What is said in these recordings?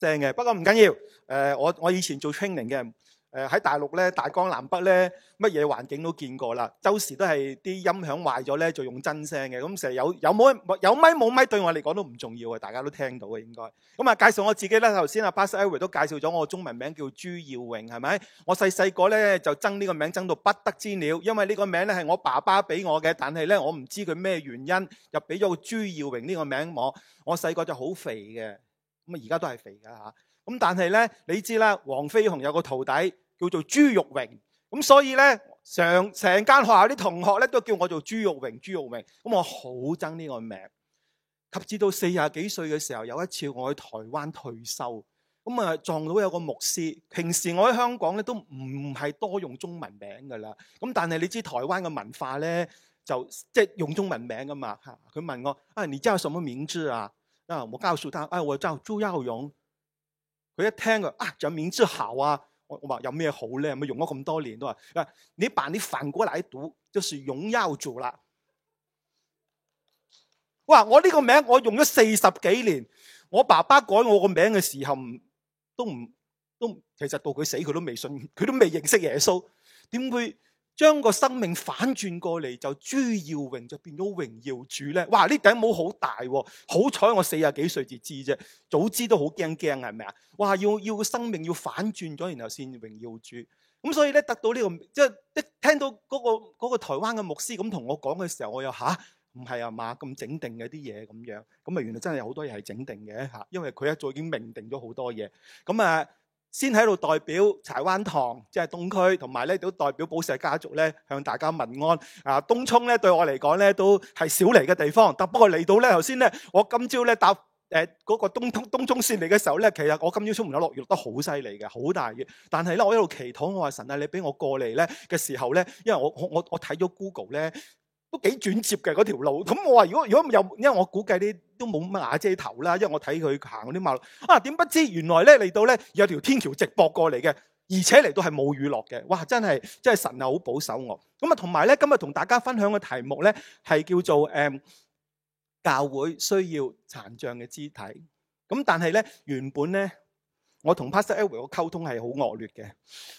聲嘅，不過唔緊要。誒、呃，我我以前做青零嘅，誒、呃、喺大陸咧，大江南北咧，乜嘢環境都見過啦。周時都係啲音響壞咗咧，就用真聲嘅。咁成日有有冇有咪冇咪，對我嚟講都唔重要嘅，大家都聽到嘅應該。咁、嗯、啊，介紹我自己啦。頭先阿巴 a s s e 都介紹咗我中文名叫朱耀榮，係咪？我細細個咧就憎呢個名憎到不得之了，因為呢個名咧係我爸爸俾我嘅，但係咧我唔知佢咩原因又俾咗個朱耀榮呢個名我。我細個就好肥嘅。咁啊，而家都係肥噶嚇。咁但係咧，你知啦，黃飛鴻有個徒弟叫做朱玉榮。咁所以咧，成成間學校啲同學咧都叫我做朱玉榮，朱玉榮。咁我好憎呢個名。及至到四十幾歲嘅時候，有一次我喺台灣退休，咁啊撞到有個牧師。平時我喺香港咧都唔係多用中文名噶啦。咁但係你知台灣嘅文化咧，就即係、就是、用中文名噶嘛。佢問我：啊，你知有什麼名字啊？啊！我告訴他，誒、哎，我叫朱耀榮。佢一聽佢，啊，只名字好啊！我我話有咩好咧？咪用咗咁多年都話，嗱，你扮啲反過來讀，就是榮耀主啦。哇！我呢個名我用咗四十幾年，我爸爸改我個名嘅時候都唔都，其實到佢死佢都未信，佢都未認識耶穌，點會？將個生命反轉過嚟，就朱耀榮就變咗榮耀主咧。哇！呢頂帽好大，好彩我四十幾歲至知啫，早知都好驚驚係咪啊？哇！要要個生命要反轉咗，然後先榮耀主。咁所以咧，得到呢、呢個即係一聽到嗰、嗰個、嗰個台灣嘅牧師咁同我講嘅時候，我又吓，唔係啊嘛，咁整定嘅啲嘢咁樣，咁啊原來真係有好多嘢係整定嘅吓，因為佢一早已經命定咗好多嘢。咁啊。先喺度代表柴灣堂，即係東區，同埋咧都代表寶石家族咧向大家問安。啊，東涌咧對我嚟講咧都係少嚟嘅地方，但不過嚟到咧頭先咧，我今朝咧搭誒嗰個東東涌線嚟嘅時候咧，其實我今朝出門口落雨落得好犀利嘅，好大雨。但係咧我一路祈禱，我話神啊，你俾我過嚟咧嘅時候咧，因為我我我我睇咗 Google 咧。都幾轉接嘅嗰條路，咁我話如果如果有因為我估計啲都冇乜瓦遮頭啦，因為我睇佢行嗰啲馬路，啊點不知原來咧嚟到咧有條天橋直駁過嚟嘅，而且嚟到係冇雨落嘅，哇真係真係神啊好保守我，咁啊同埋咧今日同大家分享嘅題目咧係叫做誒、嗯、教會需要殘障嘅肢體，咁但係咧原本咧。我同 Pastor Elway 嘅溝通係好惡劣嘅，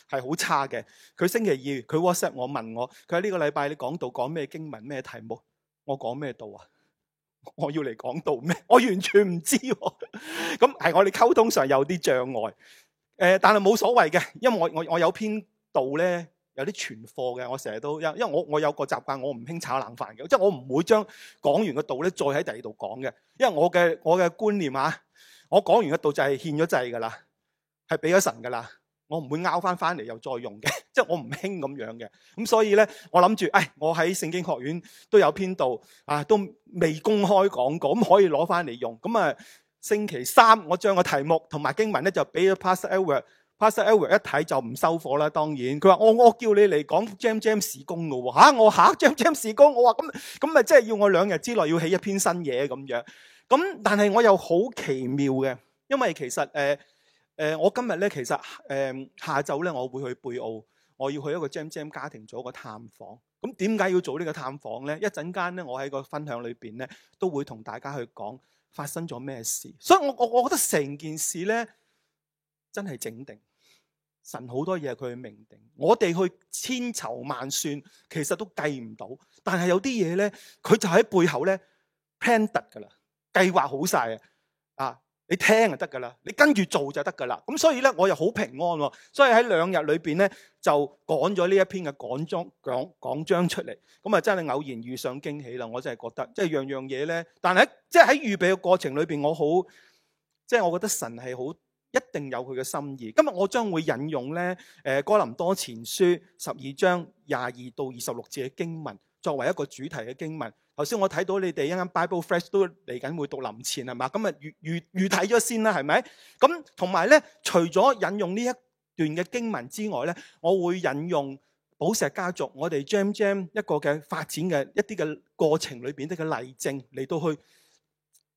係好差嘅。佢星期二佢 WhatsApp 我問我，佢喺呢個禮拜你講道講咩經文咩題目？我講咩道啊？我要嚟講道咩？我完全唔知。咁 係我哋溝通上有啲障礙、呃。但係冇所謂嘅，因為我我我有篇道咧，有啲存貨嘅。我成日都因因為我我有個習慣，我唔興炒冷飯嘅，即係我唔會將講完個道咧再喺第二度講嘅，因為我嘅我嘅、就是、觀念啊，我講完個道就係獻咗祭㗎啦。係俾咗神噶啦，我唔會拗翻翻嚟，又再用嘅，即係我唔興咁樣嘅。咁所以咧，我諗住，誒，我喺聖經學院都有編導啊，都未公開講過，咁可以攞翻嚟用。咁啊，星期三我將個題目同埋經文咧就俾咗 Pastor Edward，Pastor Edward 一睇，就唔收貨啦。當然，佢話我我叫你嚟講 Jam Jam 事工噶喎，吓、啊、我吓、啊、Jam Jam 事工，我話咁咁咪即係要我兩日之內要起一篇新嘢咁樣。咁但係我又好奇妙嘅，因為其實誒。呃呃、我今日咧其實、呃、下晝咧，我會去貝澳，我要去一個 Jam Jam 家庭做一個探訪。咁點解要做呢個探訪咧？一陣間咧，我喺個分享裏面咧，都會同大家去講發生咗咩事。所以我我，我覺得成件事咧，真係整定。神好多嘢佢去明定，我哋去千籌萬算，其實都計唔到。但係有啲嘢咧，佢就喺背後咧 plan 定噶啦，計劃好晒。啊！你聽就得噶啦，你跟住做就得噶啦。咁所以咧，我又好平安喎。所以喺兩日裏面咧，就講咗呢一篇嘅講章講講章出嚟。咁啊，真係偶然遇上驚喜啦！我真係覺得，即係樣樣嘢咧。但係即係喺預備嘅過程裏面，我好即係，我覺得神係好一定有佢嘅心意。今日我將會引用咧、呃，哥林多前書十二章廿二到二十六節嘅經文，作為一個主題嘅經文。頭先我睇到你哋一間 Bible Fresh 都嚟緊會讀林前係嘛？咁啊，預預預睇咗先啦，係咪？咁同埋咧，除咗引用呢一段嘅經文之外咧，我會引用寶石家族我哋 Jam Jam 一個嘅發展嘅一啲嘅過程裏邊啲嘅例證嚟到去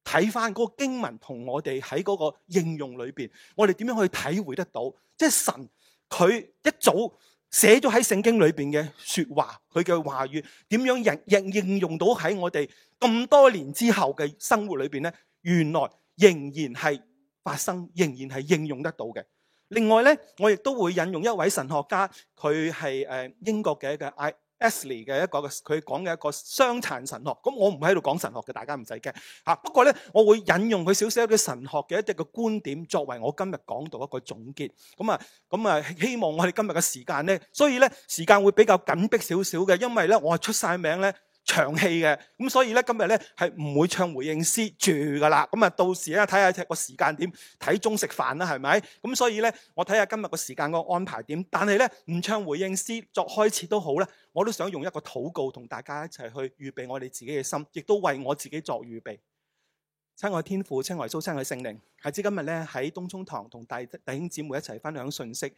睇返嗰個經文同我哋喺嗰個應用裏邊，我哋點樣可以體會得到？即係神佢一早。寫咗喺聖經裏邊嘅說話，佢嘅話語點樣應應應用到喺我哋咁多年之後嘅生活裏邊咧？原來仍然係發生，仍然係應用得到嘅。另外咧，我亦都會引用一位神學家，佢係誒英國嘅一個 I。Asley 嘅一個佢講嘅一個傷殘神學，咁我唔喺度講神學嘅，大家唔使驚嚇。不過咧，我會引用佢少少嘅神學嘅一啲嘅觀點，作為我今日講到一個總結。咁啊，咁啊，希望我哋今日嘅時間咧，所以咧時間會比較緊迫少少嘅，因為咧我係出晒名咧。長氣嘅，咁所以呢，今日呢係唔會唱回應詩住噶啦，咁啊到時咧睇下踢個時間點睇鐘食飯啦，係咪？咁所以呢，我睇下今日個時間個安排點，但係呢，唔唱回應詩作開始都好啦，我都想用一個禱告同大家一齊去預備我哋自己嘅心，亦都為我自己作預備。親愛天父，親愛耶穌，親愛聖靈，喺今今日呢，喺東涌堂同弟兄姊妹一齊分享訊息。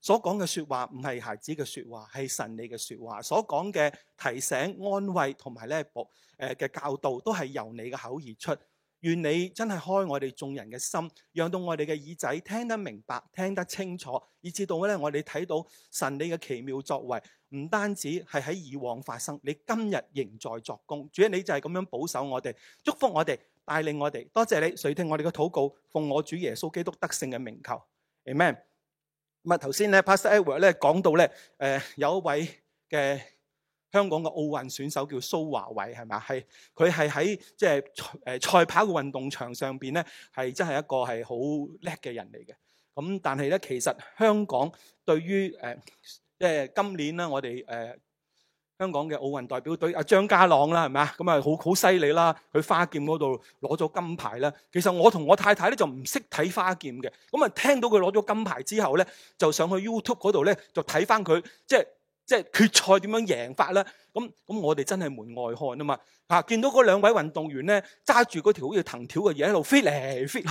所講嘅說話唔係孩子嘅說話，係神你嘅說話。所講嘅提醒、安慰同埋咧，補嘅教導都係由你嘅口而出。願你真係開我哋眾人嘅心，讓到我哋嘅耳仔聽得明白、聽得清楚，以致到我哋睇到神你嘅奇妙作為。唔單止係喺以往發生，你今日仍在作工。主啊，你就係咁樣保守我哋，祝福我哋，帶領我哋。多謝你，垂聽我哋嘅禱告，奉我主耶穌基督得勝嘅名求。Amen。咁啊，頭先呢 Pastor Edward 呢講到呢，誒有一位嘅香港嘅奧運選手叫蘇華偉，係咪啊？係，佢係喺即係誒賽跑嘅運動場上邊呢，係真係一個係好叻嘅人嚟嘅。咁但係咧，其實香港對於即係、呃、今年咧，我哋香港嘅奧運代表隊阿張家朗啦，係咪啊？咁啊，好好犀利啦！佢花劍嗰度攞咗金牌啦。其實我同我太太咧就唔識睇花劍嘅，咁啊聽到佢攞咗金牌之後咧，就上去 YouTube 嗰度咧就睇翻佢，即係即係決賽點樣贏法啦。咁咁我哋真係門外漢啊嘛。見到嗰兩位運動員咧揸住嗰條好似藤條嘅嘢喺度飛嚟 f 去，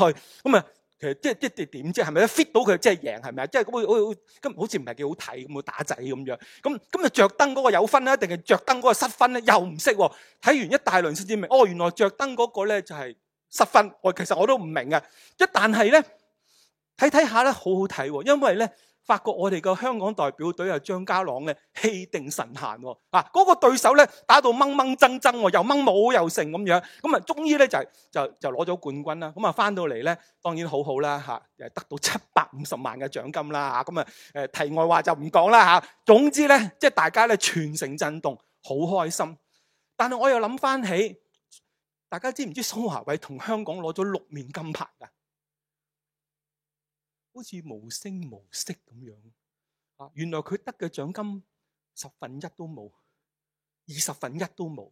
咁啊～其實即係即係點知係咪咧 fit 到佢即係贏係咪啊？即係好似唔係幾好睇咁打仔咁樣。咁咁就着燈嗰個有分呢，定係着燈嗰個失分咧？又唔識喎。睇完一大輪先至明。哦，原來着燈嗰個咧就係、是、失分。我其實我都唔明嘅。但呢看看一但係咧睇睇下咧好好睇喎，啊，因為咧。發覺我哋個香港代表隊係張家朗咧，氣定神閒啊，嗰個對手咧打到掹掹爭爭又掹冇又成咁樣，咁啊終於咧就就就攞咗冠軍啦，咁啊翻到嚟咧當然好好啦吓，又得到七百五十萬嘅獎金啦，咁啊誒題外話就唔講啦吓，總之咧即係大家咧全城震動，好開心。但係我又諗翻起，大家知唔知蘇樺偉同香港攞咗六面金牌噶？好似無聲無息咁樣，啊！原來佢得嘅獎金十分一都冇，二十分一都冇。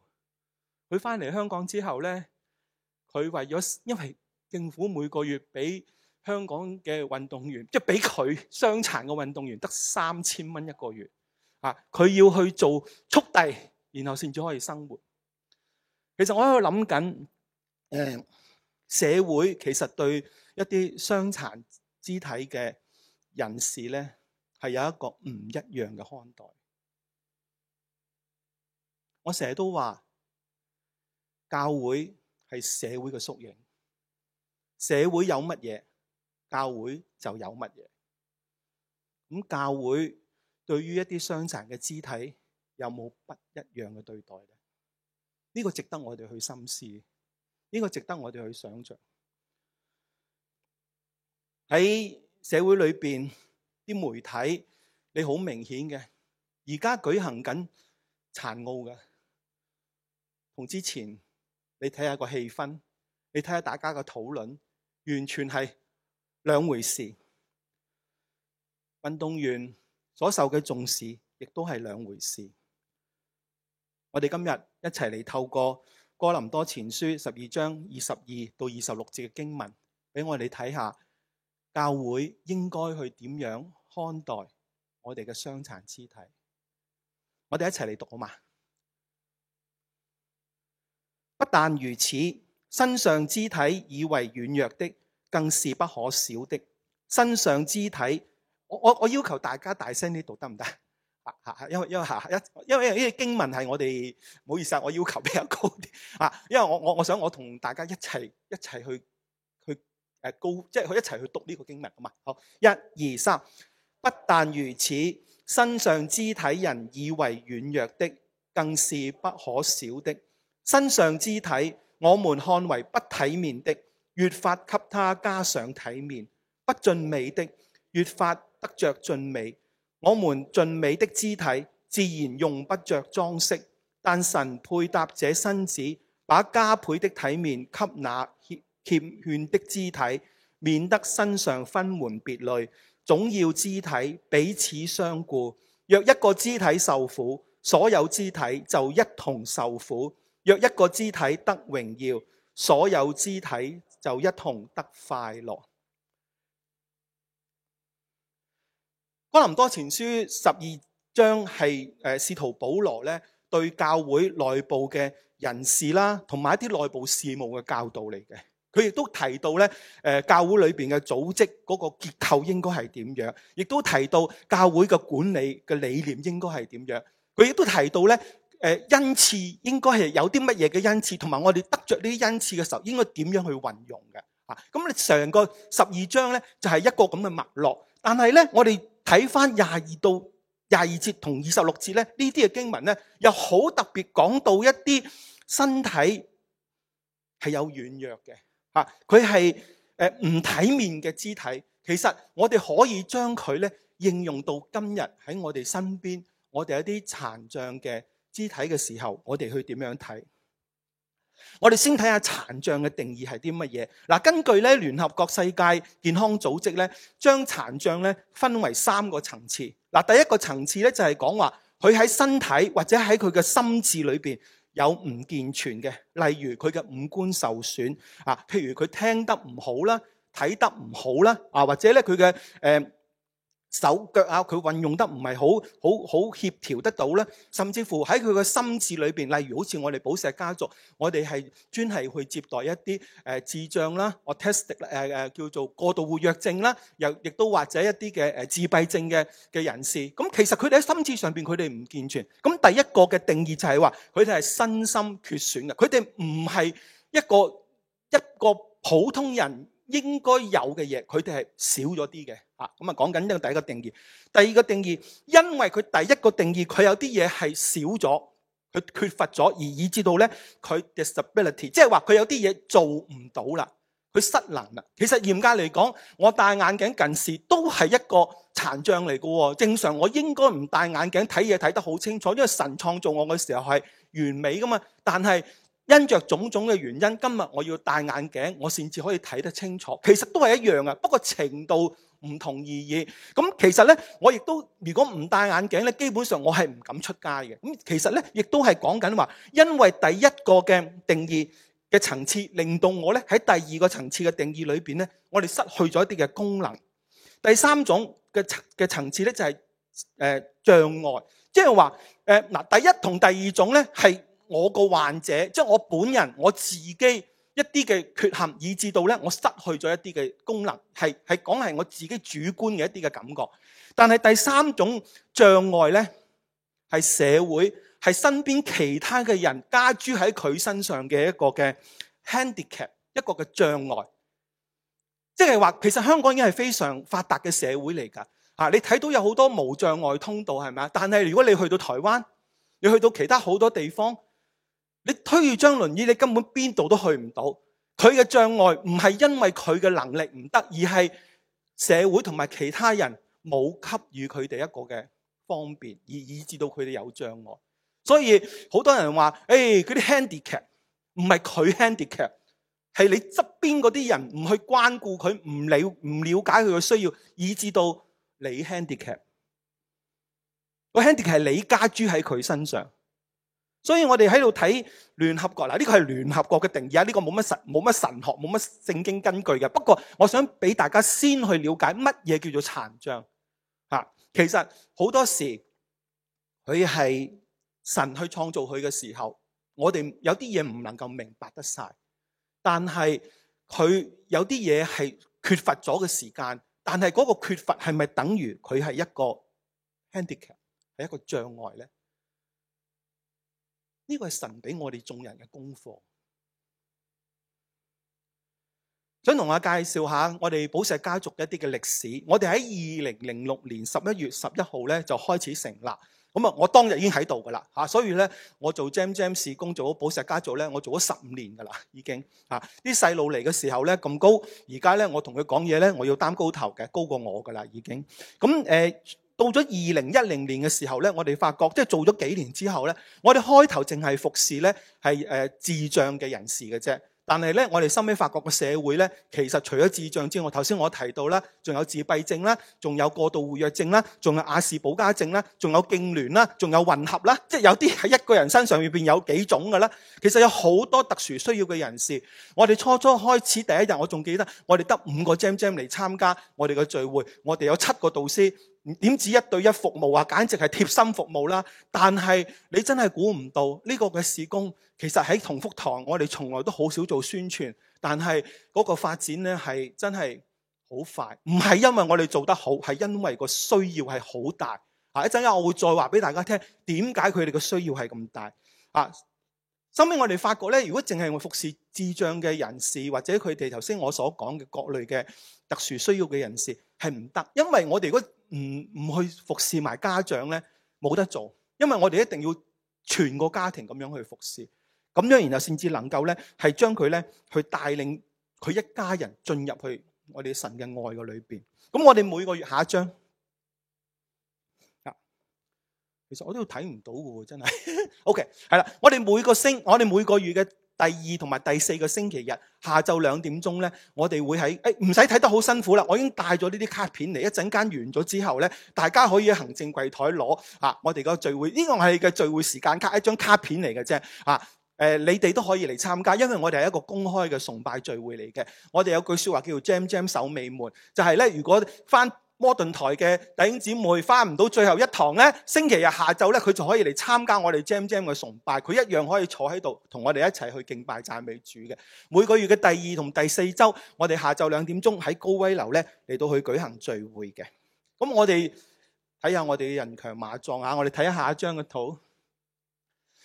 佢翻嚟香港之後咧，佢為咗因為政府每個月俾香港嘅運動員，即係俾佢傷殘嘅運動員得三千蚊一個月，啊！佢要去做速遞，然後先至可以生活。其實我喺度諗緊，誒，社會其實對一啲傷殘。肢體嘅人士咧，係有一個唔一樣嘅看待。我成日都話，教會係社會嘅縮影，社會有乜嘢，教會就有乜嘢。咁教會對於一啲傷殘嘅肢體，有冇不一樣嘅對待咧？呢個值得我哋去深思，呢個值得我哋去想像。喺社會裏邊啲媒體，你好明顯嘅。而家舉行緊殘奧嘅，同之前你睇下個氣氛，你睇下大家個討論，完全係兩回事。運動員所受嘅重視亦都係兩回事。我哋今日一齊嚟，透過哥林多前書十二章二十二到二十六節嘅經文，俾我哋睇下。教會應該去點樣看待我哋嘅傷殘肢體我？我哋一齊嚟讀好嘛！不但如此，身上肢體以為軟弱的，更是不可少的。身上肢體，我我我要求大家大聲啲讀得唔得啊？因為因為吓，一因為呢啲經文係我哋唔好意思啊，我要求比較高啲啊，因為我我我想我同大家一齊一齊去。高，即係佢一齊去讀呢個經文啊嘛，好，一二三，不但如此，身上肢體人以為軟弱的，更是不可少的；身上肢體我們看為不體面的，越發給他加上體面；不俊美的，越發得着俊美。我們俊美的肢體，自然用不着裝飾，但神配搭這身子，把加倍的體面給那。欠勸的肢體，免得身上分門別類，總要肢體彼此相顧。若一個肢體受苦，所有肢體就一同受苦；若一個肢體得榮耀，所有肢體就一同得快樂。哥林多前書十二章係誒，試圖保羅咧對教會內部嘅人士啦，同埋一啲內部事務嘅教導嚟嘅。佢亦都提到咧，誒教會裏邊嘅組織嗰個結構應該係點樣，亦都提到教會嘅管理嘅理念應該係點樣，佢亦都提到咧，誒恩賜應該係有啲乜嘢嘅恩賜同埋我哋得着呢啲恩賜嘅時候應該點樣去運用嘅？吓，咁你成個十二章咧就係一個咁嘅脈絡，但係咧，我哋睇翻，廿二到廿二節同二十六節咧，呢啲嘅經文咧又好特別講到一啲身體係有軟弱嘅。佢係誒唔體面嘅肢體，其實我哋可以將佢咧應用到今日喺我哋身邊，我哋一啲殘障嘅肢體嘅時候，我哋去點樣睇？我哋先睇下殘障嘅定義係啲乜嘢？嗱，根據咧聯合國世界健康組織咧，將殘障咧分為三個層次。嗱，第一個層次咧就係講話佢喺身體或者喺佢嘅心智裏邊。有唔健全嘅，例如佢嘅五官受損啊，譬如佢聽得唔好啦，睇得唔好啦啊，或者咧佢嘅誒，呃手腳啊，佢運用得唔係好好好協調得到咧，甚至乎喺佢嘅心智裏面，例如好似我哋寶石家族，我哋係專係去接待一啲誒智障啦，我 test 誒誒叫做過度活躍症啦，又亦都或者一啲嘅自閉症嘅嘅人士。咁其實佢哋喺心智上面，佢哋唔健全。咁第一個嘅定義就係話，佢哋係身心缺損嘅，佢哋唔係一個一個普通人。應該有嘅嘢，佢哋係少咗啲嘅。咁啊，講緊一個第一個定義，第二個定義，因為佢第一個定義佢有啲嘢係少咗，佢缺乏咗，而以至到咧佢 disability，即係話佢有啲嘢做唔到啦，佢失能啦。其實嚴格嚟講，我戴眼鏡近視都係一個殘障嚟噶喎。正常我應該唔戴眼鏡睇嘢睇得好清楚，因為神創造我嘅時候係完美噶嘛。但係，因着種種嘅原因，今日我要戴眼鏡，我先至可以睇得清楚。其實都係一樣啊，不過程度唔同而已。咁其實咧，我亦都如果唔戴眼鏡咧，基本上我係唔敢出街嘅。咁其實咧，亦都係講緊話，因為第一個嘅定義嘅層次，令到我咧喺第二個層次嘅定義裏邊咧，我哋失去咗一啲嘅功能。第三種嘅嘅層次咧就係、是、誒、呃、障礙，即係話誒嗱，第一同第二種咧係。我個患者，即係我本人我自己一啲嘅缺陷，以至到咧我失去咗一啲嘅功能，係係講係我自己主觀嘅一啲嘅感覺。但係第三種障礙咧，係社會係身邊其他嘅人加諸喺佢身上嘅一個嘅 handicap，一個嘅障礙。即係話，其實香港已經係非常發達嘅社會嚟㗎，吓你睇到有好多無障礙通道係咪啊？但係如果你去到台灣，你去到其他好多地方。你推住張輪椅，你根本邊度都去唔到。佢嘅障礙唔係因為佢嘅能力唔得，而係社會同埋其他人冇給予佢哋一個嘅方便，而以致到佢哋有障礙。所以好多人話，誒、欸，嗰啲 handicap 唔係佢 handicap，係你側邊嗰啲人唔去關顧佢，唔理唔了解佢嘅需要，以致到你 handicap。個 handicap 係你加諸喺佢身上。所以我哋喺度睇聯合國嗱，呢個係聯合國嘅定義啊，呢個冇乜神、冇乜神學、冇乜聖經根據嘅。不過我想俾大家先去了解乜嘢叫做殘障吓，其實好多時佢係神去創造佢嘅時候，我哋有啲嘢唔能夠明白得晒，但係佢有啲嘢係缺乏咗嘅時間，但係嗰個缺乏係咪等於佢係一個 handicap 係一個障礙咧？呢個係神俾我哋眾人嘅功課。想同我介紹下我哋寶石家族嘅一啲嘅歷史。我哋喺二零零六年十一月十一號咧就開始成立。咁啊，我當日已經喺度噶啦吓，所以咧我做 Jam Jam 事工做咗寶石家族咧，我做咗十五年噶啦已經吓。啲細路嚟嘅時候咧咁高，而家咧我同佢講嘢咧，我要擔高頭嘅，高過我噶啦已經。咁誒。到咗二零一零年嘅時候呢，我哋發覺即係做咗幾年之後呢，我哋開頭淨係服侍呢係誒智障嘅人士嘅啫。但係呢，我哋後尾發覺個社會呢，其實除咗智障之外，頭先我提到啦，仲有自閉症啦，仲有過度活躍症啦，仲有亞氏保加症啦，仲有痙攣啦，仲有混合啦，即係有啲喺一個人身上面有幾種㗎啦。其實有好多特殊需要嘅人士，我哋初初開始第一日，我仲記得我哋得五個 Gem Gem 嚟參加我哋嘅聚會，我哋有七個導師。點止一對一服務啊！簡直係貼心服務啦，啊。但係你真係估唔到呢，呢個嘅事工，其實喺同福堂，我哋從來都好少做宣傳。但係嗰個發展呢，係真係好快，唔係因為我哋做得好，係因為個需要係好大。下一陣間我會再話俾大家聽點解佢哋嘅需要係咁大啊！甚至我哋發覺呢，如果淨係我服侍智障嘅人士，或者佢哋頭先我所講嘅各類嘅特殊需要嘅人士係唔得，因為我哋如果唔唔去服侍埋家長咧，冇得做，因為我哋一定要全個家庭咁樣去服侍，咁樣然後先至能夠咧係將佢咧去帶領佢一家人進入去我哋神嘅愛嘅裏面。咁我哋每個月下一章啊，其實我都睇唔到嘅喎，真係。 OK，係啦，我哋每個星，我哋每個月嘅。第二同埋第四個星期日下晝兩點鐘呢，我哋會喺誒，唔使睇得好辛苦啦，我已經帶咗呢啲卡片嚟，一陣間完咗之後呢，大家可以喺行政櫃台攞啊。我哋個聚會呢個係嘅聚會時間卡，一張卡片嚟嘅啫啊、呃、你哋都可以嚟參加，因為我哋係一個公開嘅崇拜聚會嚟嘅。我哋有句説話叫做 Jam Jam 守尾門，就係呢：如果翻。摩頓台嘅弟兄姊妹，翻唔到最後一堂咧，星期日下晝咧，佢就可以嚟參加我哋 Jam Jam 嘅崇拜，佢一樣可以坐喺度同我哋一齊去敬拜讚美主嘅。每個月嘅第二同第四周，我哋下晝兩點鐘喺高威樓咧嚟到去舉行聚會嘅。咁我哋睇下我哋人強馬壯吓，我哋睇下下一張嘅圖，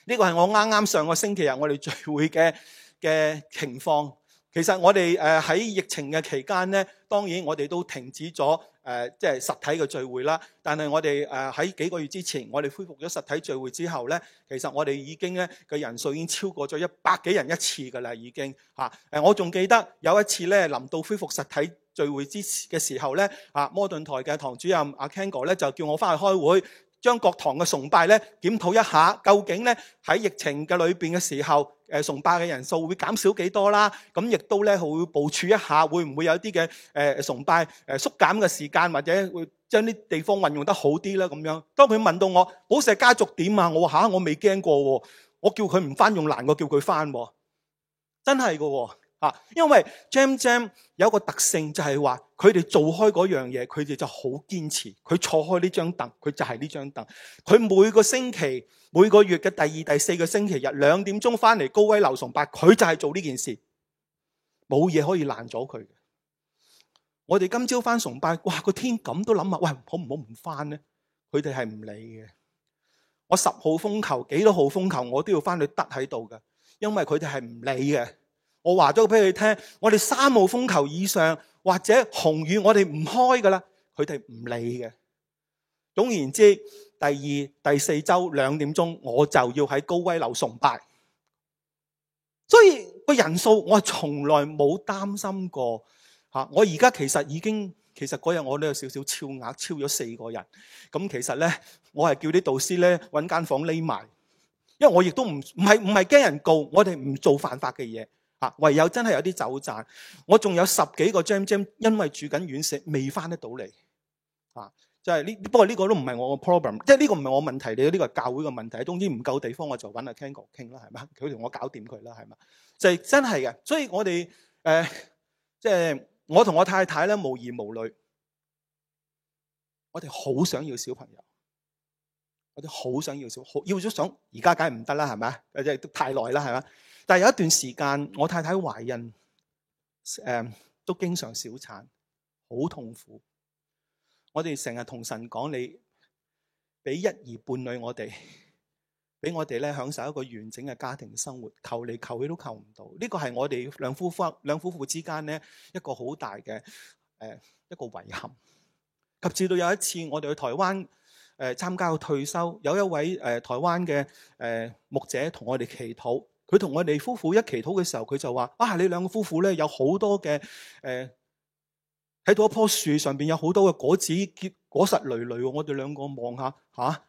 呢個係我啱啱上個星期日我哋聚會嘅嘅情況。其實我哋誒喺疫情嘅期間咧，當然我哋都停止咗。誒、呃，即係實體嘅聚會啦。但係我哋誒喺幾個月之前，我哋恢復咗實體聚會之後咧，其實我哋已經咧嘅人數已經超過咗一百幾人一次㗎啦，已經、啊、我仲記得有一次咧，臨到恢復實體聚會之前嘅時候咧，啊摩頓台嘅堂主任阿、啊、Ken 哥咧就叫我翻去開會，將各堂嘅崇拜咧檢討一下，究竟咧喺疫情嘅裏邊嘅時候，誒崇拜嘅人數會,會減少幾多啦？咁亦都咧會部署一下，會唔會有一啲嘅誒崇拜誒縮減嘅時間，或者會將啲地方運用得好啲啦？咁樣，當佢問到我寶石家族點啊？我話吓，我未驚過喎，我叫佢唔翻用難過，叫佢翻喎，真係㗎喎。啊，因為 Jam Jam 有一個特性就係話，佢哋做開嗰樣嘢，佢哋就好堅持。佢坐開呢張凳，佢就係呢張凳。佢每個星期、每個月嘅第二、第四個星期日兩點鐘翻嚟高威樓崇拜，佢就係做呢件事，冇嘢可以爛咗佢。我哋今朝翻崇拜，哇，個天咁都諗啊，喂，好唔好唔翻呢？佢哋係唔理嘅。我十號風球、幾多號風球，我都要翻去得喺度嘅，因為佢哋係唔理嘅。我話咗俾佢聽，我哋三號風球以上或者紅雨我，我哋唔開噶啦。佢哋唔理嘅。總言之，第二、第四周兩點鐘我就要喺高威樓崇拜。所以個人數我從來冇擔心過吓。我而家其實已經，其實嗰日我都有少少超額，超咗四個人。咁其實咧，我係叫啲導師咧搵間房匿埋，因為我亦都唔唔係唔係驚人告，我哋唔做犯法嘅嘢。唯有真係有啲走盞，我仲有十幾個 Gem Gem，因為住緊院舍，未翻得到嚟。啊！就係、是、呢，不過呢個都唔係我個 problem，這個 problem，即係呢個唔係我嘅問題，你、這、呢個係教會嘅問題。總之唔夠地方，我就揾阿 Congo 傾啦，係嘛？佢同我搞掂佢啦，係嘛？就係、是、真係嘅，所以我哋誒，即、呃、係、就是、我同我太太咧無兒無女，我哋好想要小朋友，我哋好想要小，要咗想，而家梗係唔得啦，係嘛？即係太耐啦，係嘛？但係有一段時間，我太太懷孕、嗯，都經常小產，好痛苦。我哋成日同神講：你俾一兒半女我哋，俾我哋咧享受一個完整嘅家庭生活。求你求你都求唔到。呢、這個係我哋兩夫婦兩夫兩夫婦之間咧一個好大嘅、呃、一個遺憾。及至到有一次，我哋去台灣參、呃、加退休，有一位、呃、台灣嘅誒牧者同我哋祈禱。佢同我哋夫婦一祈禱嘅時候，佢就話：啊，你兩個夫婦咧有好多嘅，誒、呃，喺到一棵樹上邊有好多嘅果子結果實累累。我哋兩個望下，吓、啊，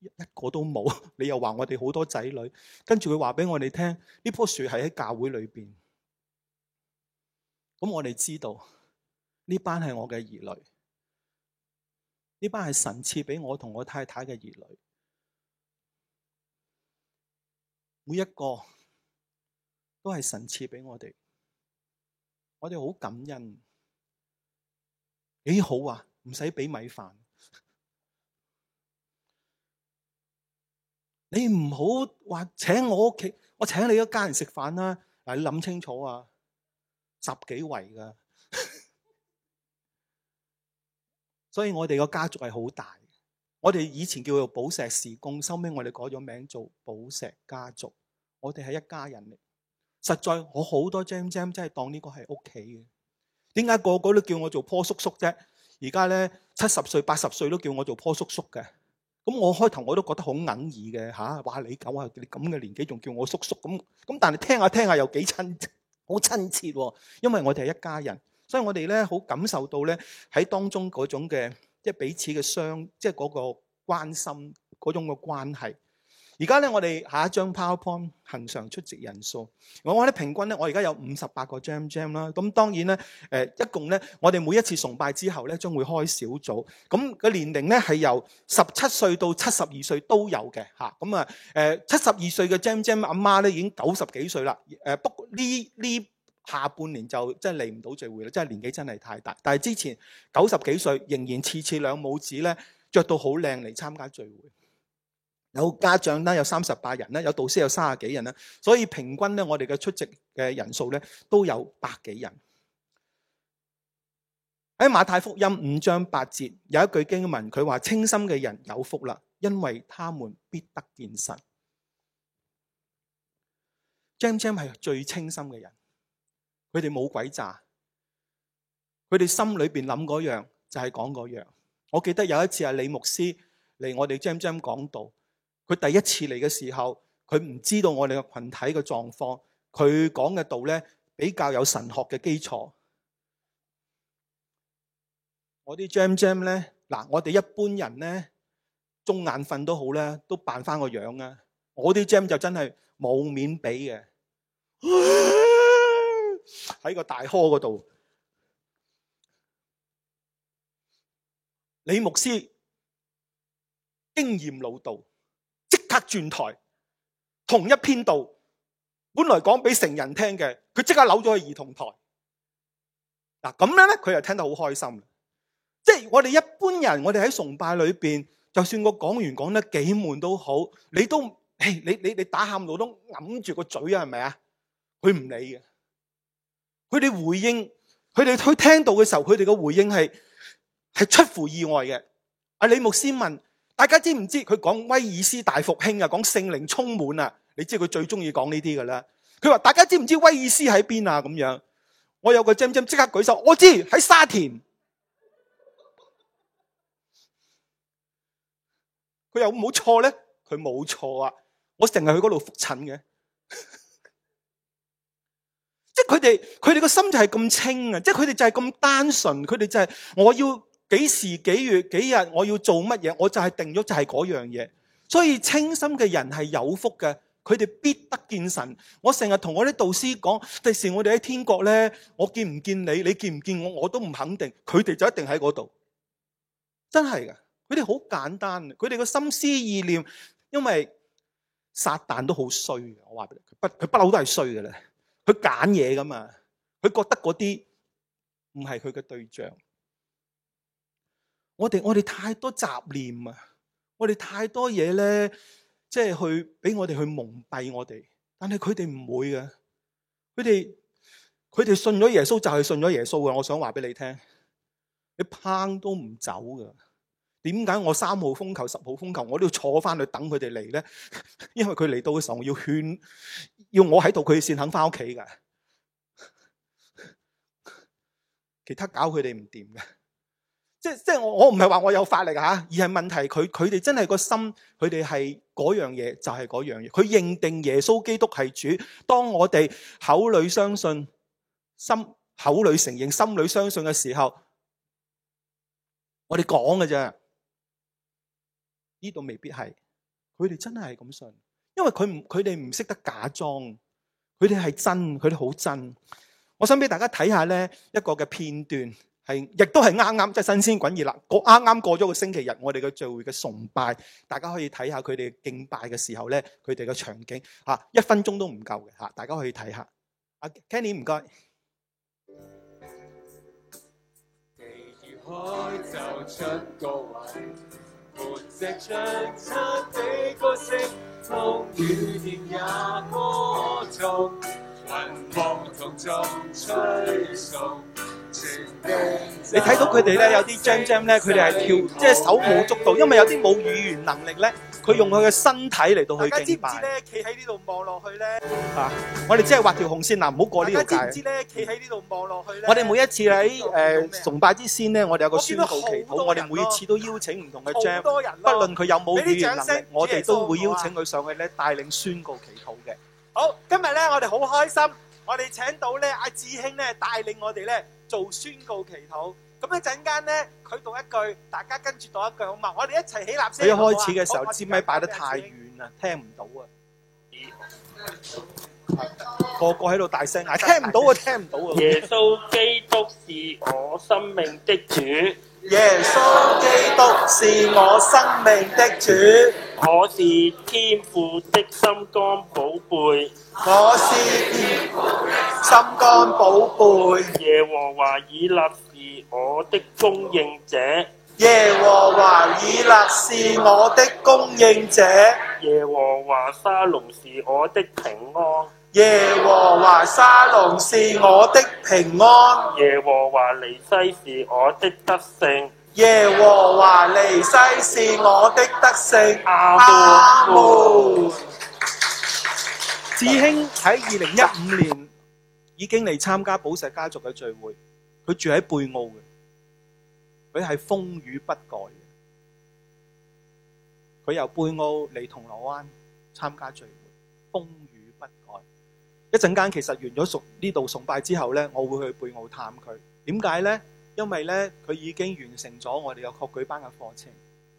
一個都冇。你又話我哋好多仔女，跟住佢話俾我哋聽，呢樖樹係喺教會裏邊。咁我哋知道呢班係我嘅兒女，呢班係神賜俾我同我太太嘅兒女，每一個。都係神賜俾我哋，我哋好感恩。幾好啊，唔使俾米飯。你唔好話請我屋企，我請你一家人食飯啦。嗱，你諗清楚啊，十幾圍噶。所以我哋個家族係好大的。我哋以前叫做寶石事工，收尾我哋改咗名做寶石家族。我哋係一家人嚟。實在我好多 jam jam 真係當呢個係屋企嘅，點解個個都叫我做坡叔叔啫？而家咧七十歲八十歲都叫我做坡叔叔嘅，咁我開頭我都覺得好哽耳嘅吓，話你狗啊，你咁嘅年紀仲叫我叔叔咁咁，但係聽下聽下又幾親，親切，好親切喎，因為我哋係一家人，所以我哋咧好感受到咧喺當中嗰種嘅即係彼此嘅相，即係嗰個關心嗰種嘅關係。而家咧，我哋下一張 PowerPoint 恆常出席人數，我話咧平均咧，我而家有五十八個 Jam Jam 啦。咁當然咧，誒，一共咧，我哋每一次崇拜之後咧，將會開小組。咁個年齡咧，係由十七歲到七十二歲都有嘅吓，咁啊，誒，七十二歲嘅 Jam Jam 阿媽咧，已經九十幾歲啦。誒，不過呢呢下半年就真係嚟唔到聚會啦，年紀真係年紀真係太大。但係之前九十幾歲，仍然次次兩母子咧，着到好靚嚟參加聚會。有家長啦，有三十八人啦，有導師有三十幾人啦，所以平均咧，我哋嘅出席嘅人數咧都有百幾人。喺馬太福音五章八節有一句經文，佢話清心嘅人有福啦，因為他們必得見神。Jam Jam 係最清心嘅人，佢哋冇鬼詐，佢哋心裏邊諗嗰樣就係講嗰樣。我記得有一次係李牧師嚟我哋 Jam Jam 講道。佢第一次嚟嘅時候，佢唔知道我哋嘅群體嘅狀況。佢講嘅道咧比較有神學嘅基礎。我啲 Gem Gem 咧，嗱我哋一般人咧，中眼瞓都好咧，都扮翻個樣啊。我啲 Gem 就真係冇面畀嘅，喺 個大殼嗰度。李牧師經驗老道。即刻轉台，同一篇道，本來講俾成人聽嘅，佢即刻扭咗去兒童台。嗱咁樣咧，佢又聽到好開心。即係我哋一般人，我哋喺崇拜裏邊，就算個講員講得幾悶都好，你都，唉，你你你打喊路都揞住個嘴啊，係咪啊？佢唔理嘅。佢哋回應，佢哋去聽到嘅時候，佢哋嘅回應係係出乎意外嘅。阿李牧師問。大家知唔知佢講威爾斯大復興啊？講聖靈充滿啊？你知佢最中意講呢啲噶啦。佢話，大家知唔知威爾斯喺邊啊？咁樣，我有個尖尖即刻舉手，我知喺沙田。佢又有冇錯咧，佢冇錯啊！我成日去嗰度復診嘅，即係佢哋佢哋個心就係咁清啊！即係佢哋就係咁單純，佢哋就係我要。幾時幾月幾日我要做乜嘢？我就係定咗就係嗰樣嘢。所以清心嘅人係有福嘅，佢哋必得見神。我成日同我啲導師講，第時我哋喺天國咧，我見唔見你，你見唔見我，我都唔肯定。佢哋就一定喺嗰度，真係噶。佢哋好簡單，佢哋個心思意念，因為撒旦都好衰嘅。我話俾你，佢不佢不嬲都係衰㗎喇。佢揀嘢噶嘛，佢覺得嗰啲唔係佢嘅對象。我哋我哋太多雜念啊！我哋太多嘢咧，即係去俾我哋去蒙蔽我哋。但係佢哋唔會嘅，佢哋佢哋信咗耶穌就係信咗耶穌嘅。我想話俾你聽，你拚都唔走噶。點解我三號風球、十號風球，我都要坐翻去等佢哋嚟咧？因為佢嚟到嘅時候，我要勸，要我喺度，佢哋先肯翻屋企嘅。其他搞佢哋唔掂嘅。即即我我唔係話我有法力吓，而係問題佢佢哋真係個心，佢哋係嗰樣嘢就係嗰樣嘢。佢認定耶穌基督係主。當我哋口裏相信、心口裏承認、心裏相信嘅時候，我哋講㗎啫，呢度未必係。佢哋真係咁信，因為佢唔佢哋唔識得假裝，佢哋係真，佢哋好真。我想俾大家睇下咧一個嘅片段。係，亦都係啱啱即係新鮮滾熱辣，剛剛過啱啱過咗個星期日，我哋嘅聚會嘅崇拜，大家可以睇下佢哋敬拜嘅時候咧，佢哋嘅場景嚇一分鐘都唔夠嘅嚇，大家可以睇下。阿 Kenny 唔該。地你睇到佢哋咧，有啲 jam jam 咧，佢哋係跳即係手舞足蹈，因為有啲冇語言能力咧，佢用佢嘅身體嚟到去敬拜。知唔知咧？企喺呢度望落去咧？吓，我哋只係畫條紅線嗱，唔好過呢條界。知唔知咧？企喺呢度望落去咧？我哋每一次喺誒崇拜之先咧，我哋有個宣告祈禱，我哋每次都邀請唔同嘅 jam，不論佢有冇語言能力，我哋都會邀請佢上去咧帶領宣告祈禱嘅。好，今日咧我哋好開心，我哋請到咧阿志兄咧帶領我哋咧。做宣告祈禱，咁一陣間咧，佢讀一句，大家跟住讀一句好嘛？我哋一齊起立先。佢一開始嘅時候，支咪擺得太遠啦，聽唔到啊！個個喺度大聲嗌，聽唔到啊，聽唔到啊！耶穌基督是我生命的主。耶穌基督是我生命的主，我是天父的心肝寶貝，我是心肝寶貝。耶和華以勒是我的供應者，耶和華以勒是我的供應者，耶和華沙龍是我的平安。耶和華沙龍是我的平安，耶和華尼西是我的得勝，耶和華尼西是我的得勝。阿門。智興喺二零一五年已經嚟參加寶石家族嘅聚會，佢住喺貝澳嘅，佢係風雨不改嘅，佢由貝澳嚟銅鑼灣參加聚會，風。一陣間其實完咗崇呢度崇拜之後呢，我會去貝澳探佢。點解呢？因為呢，佢已經完成咗我哋有確舉班嘅課程，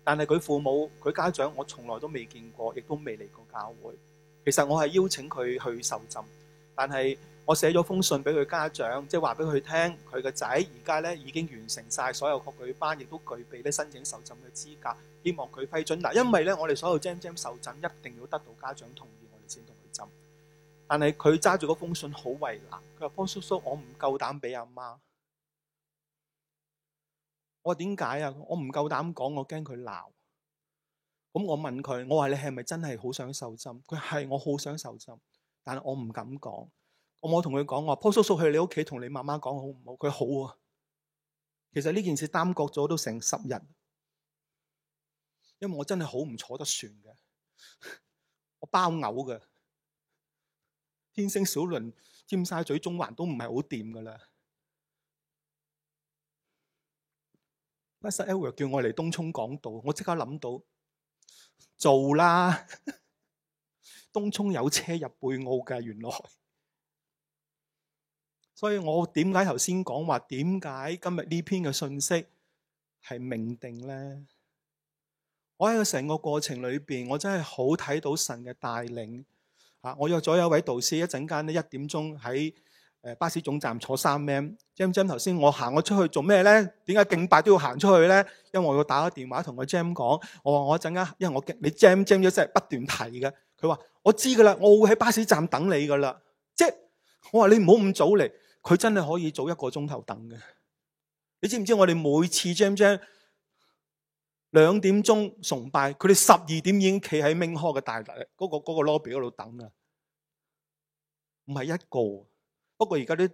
但係佢父母佢家長我從來都未見過，亦都未嚟過教會。其實我係邀請佢去受浸，但係我寫咗封信俾佢家長，即係話俾佢聽，佢個仔而家呢已經完成晒所有確舉班，亦都具備咧申請受浸嘅資格，希望佢批准。嗱，因為呢，我哋所有 g e m 受浸一定要得到家長同意。但係佢揸住嗰封信好為難，佢話，坡叔叔，我唔夠膽俾阿媽。我話，點解啊？我唔夠膽講，我驚佢鬧。咁我問佢，我話，你係咪真係好想受浸？佢係，我好想受浸，但係我唔敢講。我冇同佢講，我話，坡叔叔去你屋企同你媽媽講好唔好？佢好啊。其實呢件事耽擱咗都成十日，因為我真係好唔坐得船嘅，我包嘔嘅。天星小輪、尖沙咀中環、中環都唔係好掂噶啦。Mr. Edward 叫我嚟東涌講道，我即刻諗到做啦。 東涌有車入貝澳嘅，原來。所以我點解頭先講話？點解今日呢篇嘅信息係命定咧？我喺個成個過程裏邊，我真係好睇到神嘅帶領。我約咗一位導師，一陣間咧一點鐘喺巴士總站坐三 M、嗯。Jam Jam 頭先我行咗出去做咩咧？點解敬拜都要行出去咧？因為我要打個電話同個 Jam 講，我話我一陣間，因為我驚你 Jam Jam 咗真係不斷提嘅。佢話我知噶啦，我會喺巴士站等你噶啦。即係、就是、我話你唔好咁早嚟，佢真係可以早一個鐘頭等嘅。你知唔知我哋每次 Jam Jam？兩點鐘崇拜，佢哋十二點已經企喺 Ming Hall 嘅大嗰、嗰個嗰、嗰個 lobby 嗰度等啦，唔係一個，不過而家啲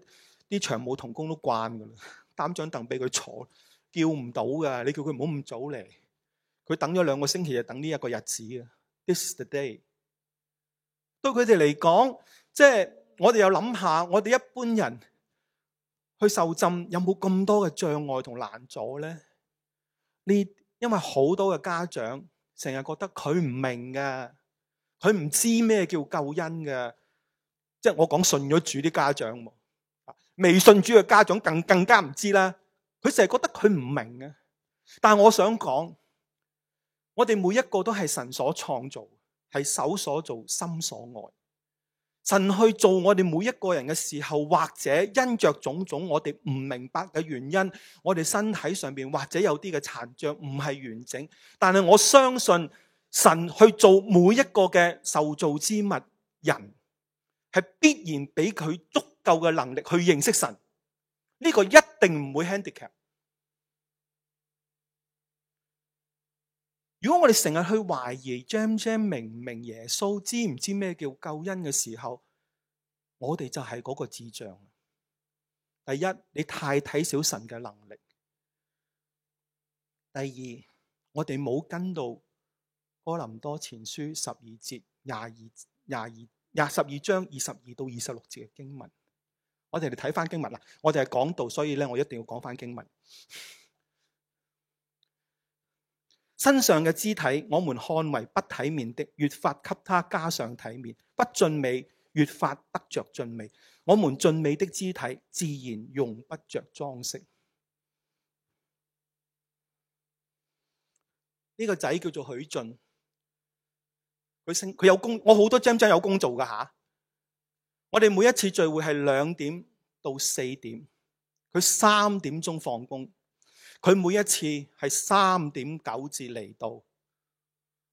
啲長務同工都慣噶啦，擔張凳俾佢坐，叫唔到噶，你叫佢唔好咁早嚟，佢等咗兩個星期就等呢一個日子嘅。This is the day，對佢哋嚟講，即、就、係、是、我哋又諗下，我哋一般人去受浸有冇咁多嘅障礙同難阻咧？呢？因為好多嘅家長成日覺得佢唔明嘅，佢唔知咩叫救恩嘅，即係我講信咗主啲家長啊，未信主嘅家長更更加唔知啦。佢成日覺得佢唔明嘅，但係我想講，我哋每一個都係神所創造，係手所造，心所愛。神去做我哋每一個人嘅時候，或者因着種種我哋唔明白嘅原因，我哋身體上邊或者有啲嘅殘障唔係完整，但係我相信神去做每一個嘅受造之物人，係必然俾佢足夠嘅能力去認識神，呢個一定唔會 handicap。如果我哋成日去懷疑 Jam Jam 明唔明耶穌、知唔知咩叫救恩嘅時候，我哋就係嗰個智障。第一，你太睇小神嘅能力；第二，我哋冇跟到哥林多前書十二節廿二廿二廿十二章二十二到二十六節嘅經文。我哋嚟睇翻經文啦，我哋係講道，所以咧我一定要講翻經文。身上嘅肢體，我們看為不體面的，越發給他加上體面；不俊美，越發得着俊美。我們俊美的肢體，自然用不着裝飾。呢、這個仔叫做許俊，佢有工，我好多張張有工做的。我哋每一次聚會係兩點到四點，佢三點鐘放工。佢每一次係三點九字嚟到，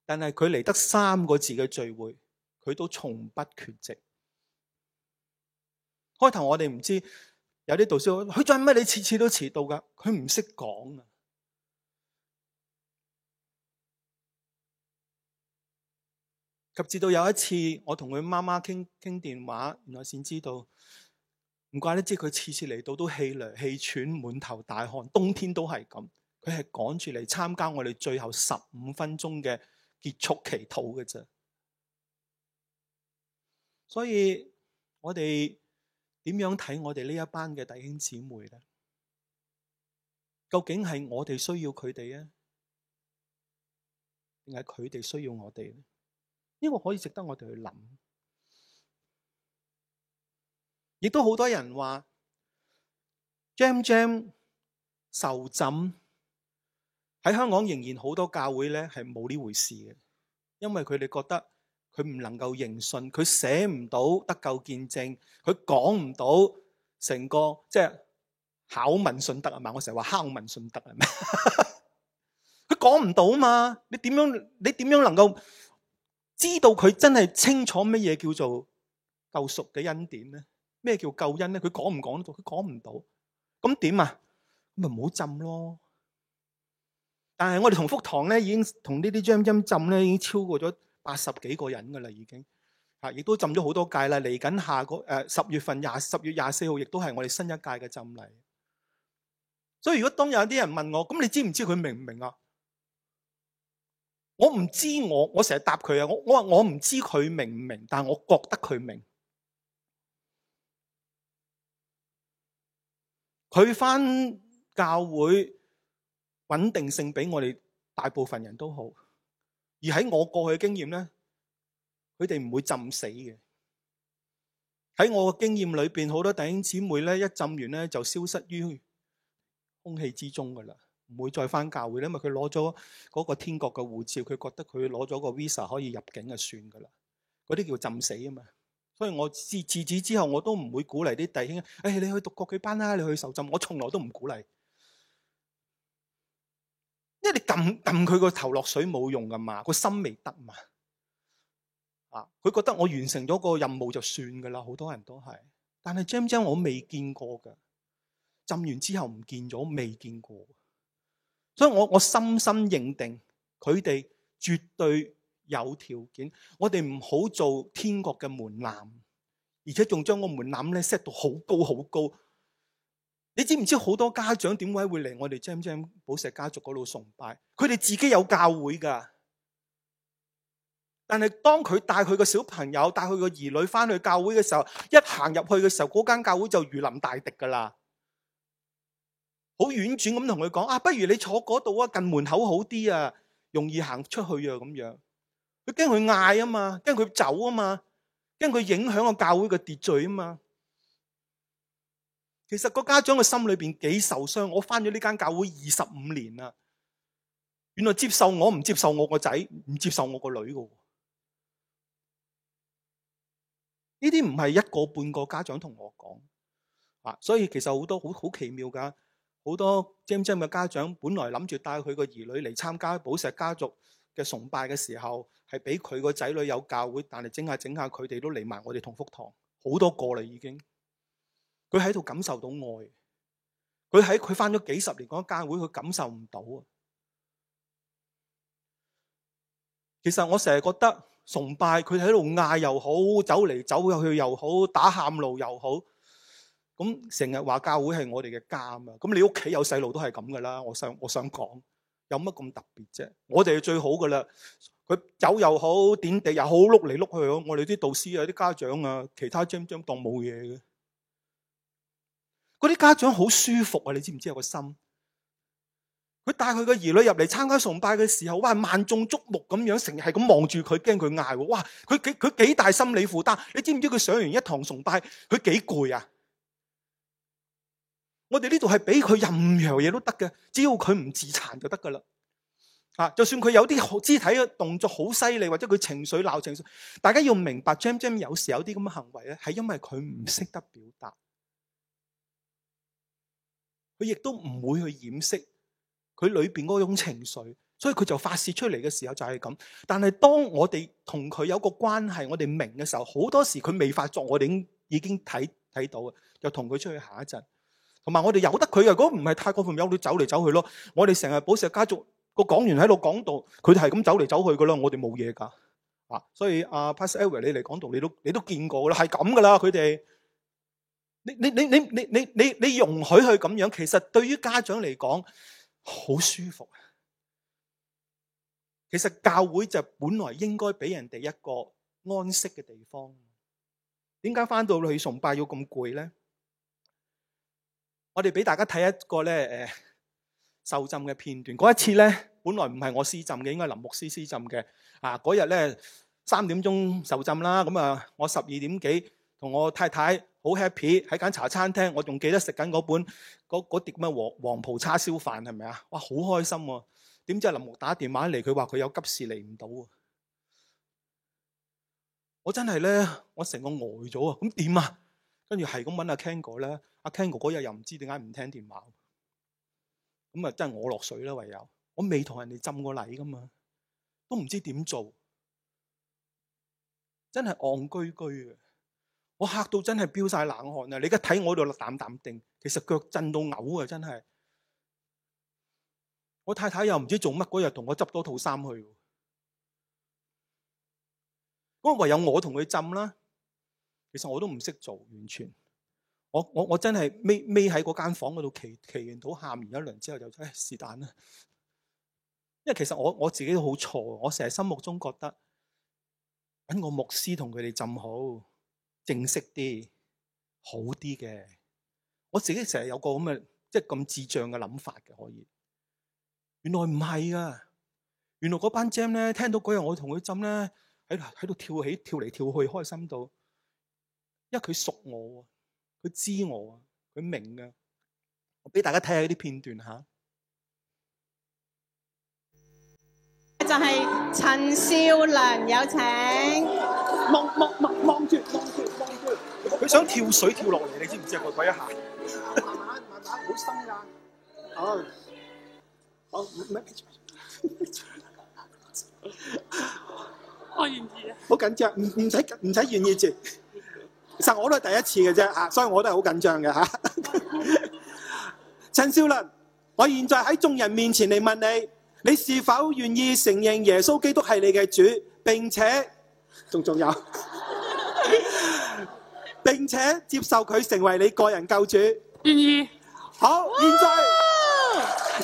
但係佢嚟得三個字嘅聚會，佢都從不缺席。開頭我哋唔知，有啲導師，佢做咩？你次次都遲到噶？佢唔識講啊！及至到有一次我媽媽，我同佢媽媽傾傾電話，原來先知道。唔怪咧，即係佢次次嚟到都氣涼氣喘、滿頭大汗，冬天都係咁。佢係趕住嚟參加我哋最後十五分鐘嘅結束祈禱嘅啫。所以我哋點樣睇我哋呢一班嘅弟兄姊妹咧？究竟係我哋需要佢哋啊，定係佢哋需要我哋咧？呢個可以值得我哋去諗。亦都好多人話 Jam Jam 受浸，喺香港仍然好多教會咧，係冇呢回事嘅，因為佢哋覺得佢唔能夠認信，佢寫唔到得救見證，佢講唔到成個即係考問信德啊嘛，我成日話考問信德係咩？佢講唔到嘛？你點樣你點樣能夠知道佢真係清楚乜嘢叫做救贖嘅恩典咧？咩叫救恩咧？佢講唔講得到？佢講唔到，咁點啊？咁咪唔好浸咯。但係我哋同福堂咧，已經同呢啲浸浸浸咧，已經超過咗八十幾個人噶啦，已經啊，亦都浸咗好多屆啦。嚟緊下個誒十月份廿十月廿四號，亦都係我哋新一屆嘅浸禮。所以如果當日有啲人問我，咁你知唔知佢明唔明啊？我唔知道，我我成日答佢啊。我答他，我話我唔知佢明唔明，但係我覺得佢明。佢翻教會穩定性比我哋大部分人都好，而喺我過去嘅經驗咧，佢哋唔會浸死嘅。喺我嘅經驗裏邊，好多弟兄姊妹咧，一浸完咧就消失於空氣之中噶啦，唔會再翻教會，因為佢攞咗嗰個天國嘅護照，佢覺得佢攞咗個 visa 可以入境就算噶啦，嗰啲叫浸死啊嘛。所以我自自，此之後，我都唔會鼓勵啲弟兄。誒、哎，你去讀國語班啦，你去受浸，我從來都唔鼓勵。因為你撳撳佢個頭落水冇用㗎嘛，個心未得嘛。啊，佢覺得我完成咗個任務就算㗎喇，好多人都係。但係 Jam Jam 我未見過㗎，浸完之後唔見咗，未見過。所以我我深深認定佢哋絕對。有條件，我哋唔好做天國嘅門檻，而且仲將個門檻咧 set 到好高好高。你知唔知好多家長點解會嚟我哋 Jam Jam 寶石家族嗰度崇拜？佢哋自己有教會噶，但係當佢帶佢個小朋友，帶佢個兒女翻去教會嘅時候，一行入去嘅時候，嗰間教會就如臨大敵噶啦。好婉轉咁同佢講：啊，不如你坐嗰度啊，近門口好啲啊，容易行出去啊，咁樣。佢驚佢嗌啊嘛，驚佢走啊嘛，驚佢影響個教會嘅秩序啊嘛。其實個家長嘅心裏邊幾受傷。我翻咗呢間教會二十五年啦，原來接受我唔接受我個仔，唔接受我個女噶。呢啲唔係一個半個家長同我講，啊，所以其實好多好好奇妙噶，好多 GemGem 嘅家長本來諗住帶佢個兒女嚟參加寶石家族。嘅崇拜嘅時候，係俾佢個仔女有教會，但係整下整下佢哋都嚟埋我哋同福堂，好多個啦已經。佢喺度感受到愛，佢喺佢翻咗幾十年嗰間會，佢感受唔到啊。其實我成日覺得崇拜佢喺度嗌，又好，走嚟走去又好，打喊路又好，咁成日話教會係我哋嘅家啊嘛。咁你屋企有細路都係咁噶啦。我想我想講。有乜咁特別啫？我哋最好噶啦，佢走又好，點地又好，碌嚟碌去。我哋啲導師啊，啲家長啊，其他張張當冇嘢嘅。嗰啲家長好舒服啊！你知唔知有個心？佢帶佢個兒女入嚟參加崇拜嘅時候，哇！萬眾矚目咁樣，成日係咁望住佢，驚佢嗌。哇！佢佢佢幾大心理負擔？你知唔知佢上完一堂崇拜，佢幾攰啊？我哋呢度係俾佢任何嘢都得嘅，只要佢唔自殘就得噶啦。啊，就算佢有啲肢體嘅動作好犀利，或者佢情緒鬧情緒，大家要明白，Jam Jam 有時有啲咁嘅行為咧，係因為佢唔識得表達，佢亦都唔會去掩飾佢裏邊嗰種情緒，所以佢就發洩出嚟嘅時候就係咁。但係當我哋同佢有個關係，我哋明嘅時候，好多時佢未發作，我哋已經睇睇到啊，就同佢出去下一陣。同埋我哋由得佢嘅，如果唔係太過分噉，由佢走嚟走去咯。我哋成日寶石家族個講員喺度講道，佢哋係咁走嚟走去噶啦。我哋冇嘢噶，啊，所以阿 Pastor，你嚟講道，你都你都見過噶啦，係咁噶啦。佢哋，你你你你你你你你容許佢咁樣，其實對於家長嚟講好舒服。其實教會就本來應該俾人哋一個安息嘅地方。點解返到去崇拜要咁攰咧？我哋俾大家睇一個咧，誒、呃，受浸嘅片段。嗰一次咧，本來唔係我施浸嘅，應該林牧師施浸嘅。啊，嗰日咧三點鐘受浸啦，咁啊，我十二點幾同我太太好 happy 喺間茶餐廳，我仲記得食緊嗰本嗰嗰碟咁嘅黃黃袍叉燒飯係咪啊？哇，好開心，啊。點知林牧打電話嚟，佢話佢有急事嚟唔到。我真係咧，我成個呆咗啊！咁點啊？跟住係咁問阿 Ken 哥咧，阿 Ken 哥嗰日又唔知點解唔聽電話，咁啊真係我落水啦，唯有我未同人哋浸過禮噶嘛，都唔知點做，真係戇居居嘅，我嚇到真係飆晒冷汗啊！你而家睇我度淡淡定，其實腳震到嘔啊！真係，我太太又唔知做乜嗰日同我執多套衫去，咁唯有我同佢浸啦。其實我都唔識做，完全，我我我真係匿匿喺嗰間房嗰度祈祈禱完，到喊完一輪之後就誒是但啦。因為其實我我自己都好錯，我成日心目中覺得搵個牧師同佢哋浸好正式啲，好啲嘅。我自己成日有個咁嘅即係咁智障嘅諗法嘅，可以。原來唔係啊，原來嗰班 Gem 咧聽到嗰日我同佢浸咧，喺喺度跳起跳嚟跳去，開心到～因為佢熟我，佢知我，佢明㗎！我俾大家睇下啲片段吓，就係陳少良有請，望望望望住望住望住，佢想跳水跳落嚟，你知唔知？隻腳佢一下，慢慢慢慢，好深噶，哦，好唔好？我願意啊！好緊張，唔唔使唔使願意住。其實我都係第一次嘅啫嚇，所以我都係好緊張嘅嚇。陳少麟，我現在喺眾人面前嚟問你，你是否願意承認耶穌基督係你嘅主？並且仲仲有，並且接受佢成為你個人救主？願意。好，現在。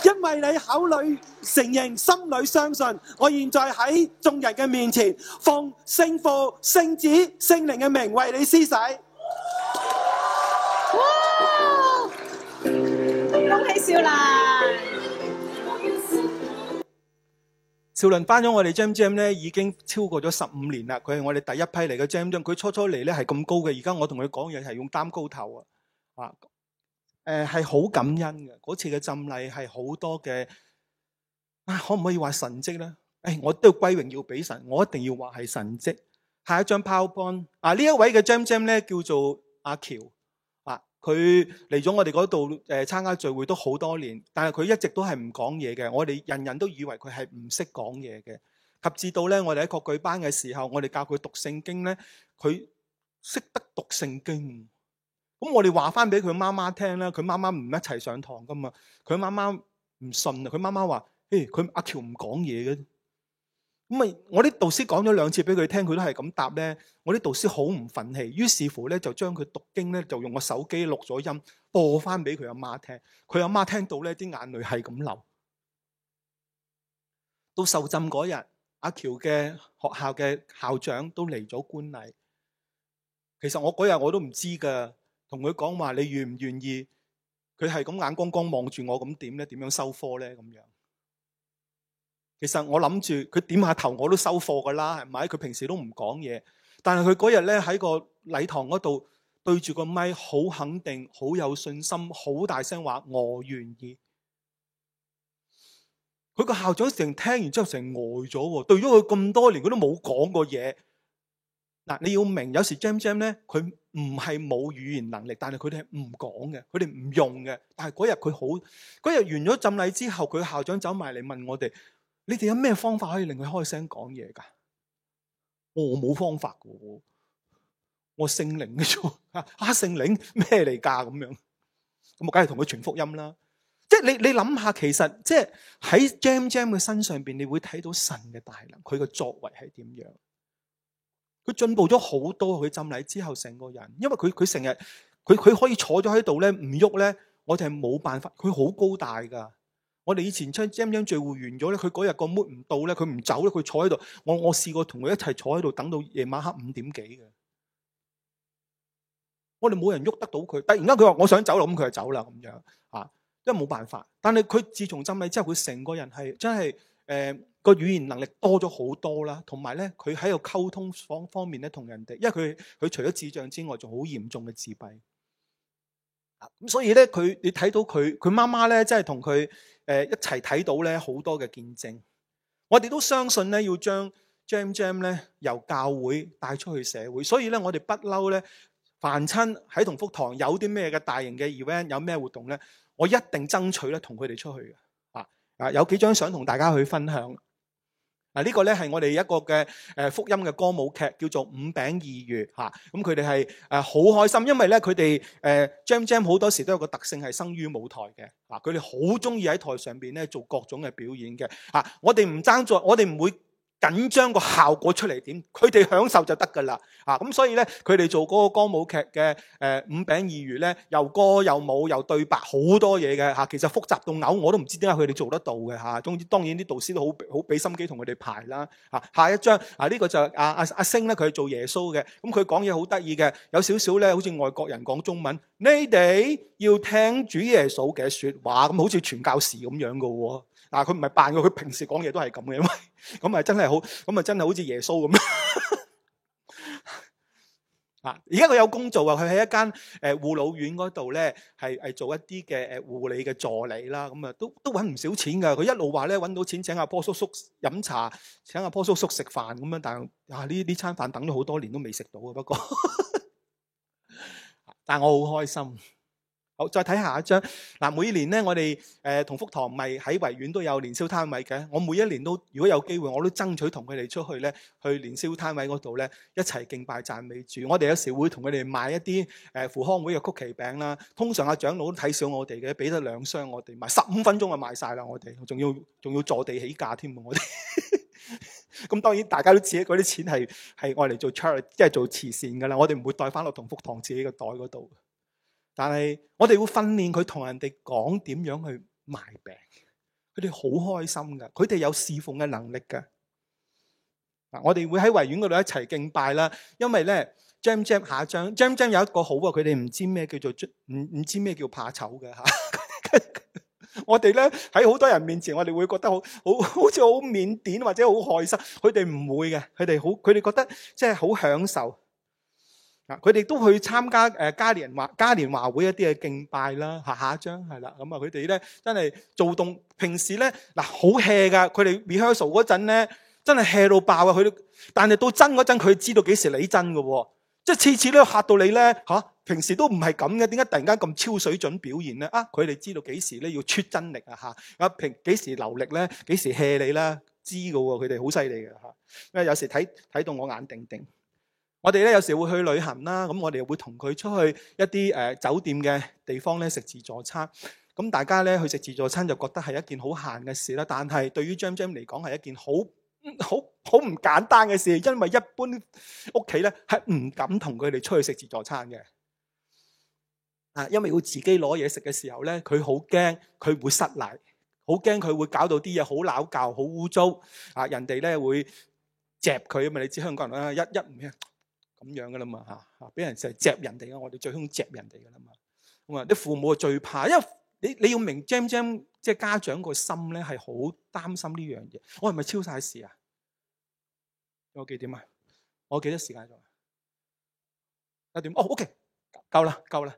因為你口裏承認，心裏相信，我現在喺眾人嘅面前，奉聖父、聖子、聖靈嘅名為你施洗。哇！恭喜少林！ 少林返咗我哋 Jam Jam 咧，已經超過咗十五年啦。佢係我哋第一批嚟嘅 Jam Jam。佢初初嚟咧係咁高嘅，而家我同佢講嘢係用擔高頭啊！啊！誒、呃，係好感恩嘅，嗰次嘅浸禮係好多嘅啊，可唔可以話神蹟咧？誒、哎，我都要歸榮耀俾神，我一定要話係神蹟。下一張 powerpoint 啊，呢一位嘅 Jam Jam 咧叫做阿喬啊，佢嚟咗我哋嗰度誒參加聚會都好多年，但係佢一直都係唔講嘢嘅。我哋人人都以為佢係唔識講嘢嘅，及至到咧我哋喺國語班嘅時候，我哋教佢讀聖經咧，佢識得讀聖經。咁我哋話翻俾佢媽媽聽啦，佢媽媽唔一齊上堂噶嘛，佢媽媽唔信啊，佢媽媽話：誒，佢阿喬唔講嘢嘅，咁啊，我啲導師講咗兩次俾佢聽，佢都係咁答咧。我啲導師好唔忿氣，於是乎咧就將佢讀經咧就用個手機錄咗音，播翻俾佢阿媽聽。佢阿媽聽到咧啲眼淚係咁流。到受浸嗰日，阿喬嘅學校嘅校長都嚟咗觀禮。其實我嗰日我都唔知噶。同佢講話，你願唔願意？佢係咁眼光光望住我，咁點咧？點樣收貨咧？咁樣。其實我諗住佢點下頭我都收貨噶啦，係咪？佢平時都唔講嘢，但係佢嗰日咧喺個禮堂嗰度對住個咪，好肯定、好有信心、好大聲話：我願意。佢個校長成聽完之後成呆咗喎，對咗佢咁多年，佢都冇講過嘢。嗱，你要明，有時 Jam Jam 咧，佢唔係冇語言能力，但係佢哋係唔講嘅，佢哋唔用嘅。但係嗰日佢好，嗰日完咗浸禮之後，佢校長走埋嚟，問我哋，你哋有咩方法可以令佢開聲講嘢噶？我冇方法噶，我聖靈嘅啫。啊啊，聖靈咩嚟噶？咁樣，咁我梗係同佢傳福音啦。即係你你諗下，其實即係喺 Jam Jam 嘅身上邊，你會睇到神嘅大能，佢嘅作為係點樣？佢進步咗好多，佢浸禮之後成個人，因為佢佢成日佢佢可以坐咗喺度咧唔喐咧，我哋係冇辦法。佢好高大噶，我哋以前出咁樣聚會完咗咧，佢嗰日個 MOOD 唔到咧，佢唔走咧，佢坐喺度。我我試過同佢一齊坐喺度等到夜晚黑五點幾嘅，我哋冇人喐得到佢。突然間佢話我想走啦，咁佢就走啦咁樣嚇，因為冇辦法。但係佢自從浸禮之後，佢成個人係真係。誒、呃，個語言能力多咗好多啦，同埋咧，佢喺個溝通方方面咧，同人哋，因為佢佢除咗智障之外，仲好嚴重嘅自閉。咁所以咧，佢你睇到佢佢媽媽咧，真係同佢誒一齊睇到咧好多嘅見證。我哋都相信咧，要將 Jam Jam 咧由教會帶出去社會。所以咧，我哋不嬲咧，凡親喺同福堂有啲咩嘅大型嘅 event，有咩活動咧，我一定爭取咧同佢哋出去嘅。啊，有幾張想同大家去分享。嗱、這個，呢個咧係我哋一個嘅誒、呃、福音嘅歌舞劇，叫做《五餅二魚》。嚇、啊。咁佢哋係誒好開心，因為咧佢哋誒 Jam Jam 好多時都有個特性係生於舞台嘅。啊，佢哋好中意喺台上邊咧做各種嘅表演嘅。啊，我哋唔爭在，我哋唔會。緊張個效果出嚟點？佢哋享受就得㗎啦，嚇，咁所以咧，佢哋做嗰個歌舞劇嘅、呃、五餅二魚咧，又歌又舞又對白，好多嘢嘅、啊、其實複雜到嘔，我都唔知點解佢哋做得到嘅嚇。啊、總之當然啲導師都好好俾心機同佢哋排啦、啊、下一張啊，呢、呢個就阿阿阿星咧，佢做耶穌嘅，咁佢講嘢好得意嘅，有少少咧，好似外國人講中文。你哋要聽主耶穌嘅說話，咁好似傳教士咁樣噶喎、哦。但係佢唔係扮嘅，佢平時講嘢都係咁嘅，因為咁啊真係好，咁啊真係好似耶穌咁。 啊！而家佢有工做啊，佢喺一間誒護老院嗰度咧，係係做一啲嘅誒護理嘅助理啦，咁啊都都搵唔少錢㗎。佢一路話咧搵到錢，請阿波叔叔飲茶，請阿波叔叔食飯咁樣，但係啊呢呢餐飯等咗好多年都未食到啊，不過 但我好開心。好，再睇下一張。嗱，每年咧，我哋、呃、同福堂咪喺維園都有年宵攤位嘅。我每一年都，如果有機會，我都爭取同佢哋出去咧，去年宵攤位嗰度咧，一齊敬拜讚美主。我哋有時會同佢哋買一啲誒扶康會嘅曲奇餅啦。通常阿、啊、長老都睇上我哋嘅，俾咗兩箱我哋賣，十五分鐘就賣晒啦。我哋仲要仲要坐地起價添！我哋咁 當然大家都自己嗰啲錢係我嚟做 charity，即係做慈善㗎啦。我哋唔會袋翻落同福堂自己嘅袋嗰度。但係我哋會訓練佢同人哋講點樣去賣餅，佢哋好開心噶，佢哋有侍奉嘅能力噶。嗱，我哋會喺維園嗰度一齊敬拜啦。因為咧，Jam Jam 下一章 Jam Jam 有一個好，佢哋唔知咩叫做唔唔知咩叫怕醜嘅吓。 我哋咧喺好多人面前，我哋會覺得好好好似好腼腆或者好害羞。佢哋唔會嘅，佢哋好，佢哋覺得即係好享受。佢哋都去參加誒嘉年華、嘉年華會一啲嘅敬拜啦。下下一張係啦，咁啊佢哋咧真係做動，平時咧嗱好 hea 噶，佢哋 rehearsal 嗰陣咧真係 hea 到爆啊！佢，但係到真嗰陣，佢知道幾時你真㗎喎，即係次次咧嚇到你咧吓，平時都唔係咁嘅，點解突然間咁超水準表現咧？啊，佢哋知道幾時咧要出真力啊吓，啊平幾時流力咧，幾時 hea 你啦？知㗎喎，佢哋好犀利嘅吓，因為有時睇睇到我眼定定。我哋咧有時會去旅行啦，咁我哋會同佢出去一啲誒酒店嘅地方咧食自助餐。咁大家咧去食自助餐就覺得係一件好閒嘅事啦。但係對於 Jam Jam 嚟講係一件好好好唔簡單嘅事，因為一般屋企咧係唔敢同佢哋出去食自助餐嘅啊，因為要自己攞嘢食嘅時候咧，佢好驚佢會失禮，好驚佢會搞到啲嘢好撈舊、好污糟啊！人哋咧會嚼佢啊嘛，你知香港人啊一一咩？咁樣噶啦嘛吓吓，俾人就係襲人哋嘅，我哋最中襲人哋噶啦嘛。咁啊啲父母啊最怕，因為你你要明 Jam Jam，即係家長個心咧係好擔心呢樣嘢。我係咪超晒事啊？我幾點啊？我幾多時間做？一點哦，OK，夠啦夠啦。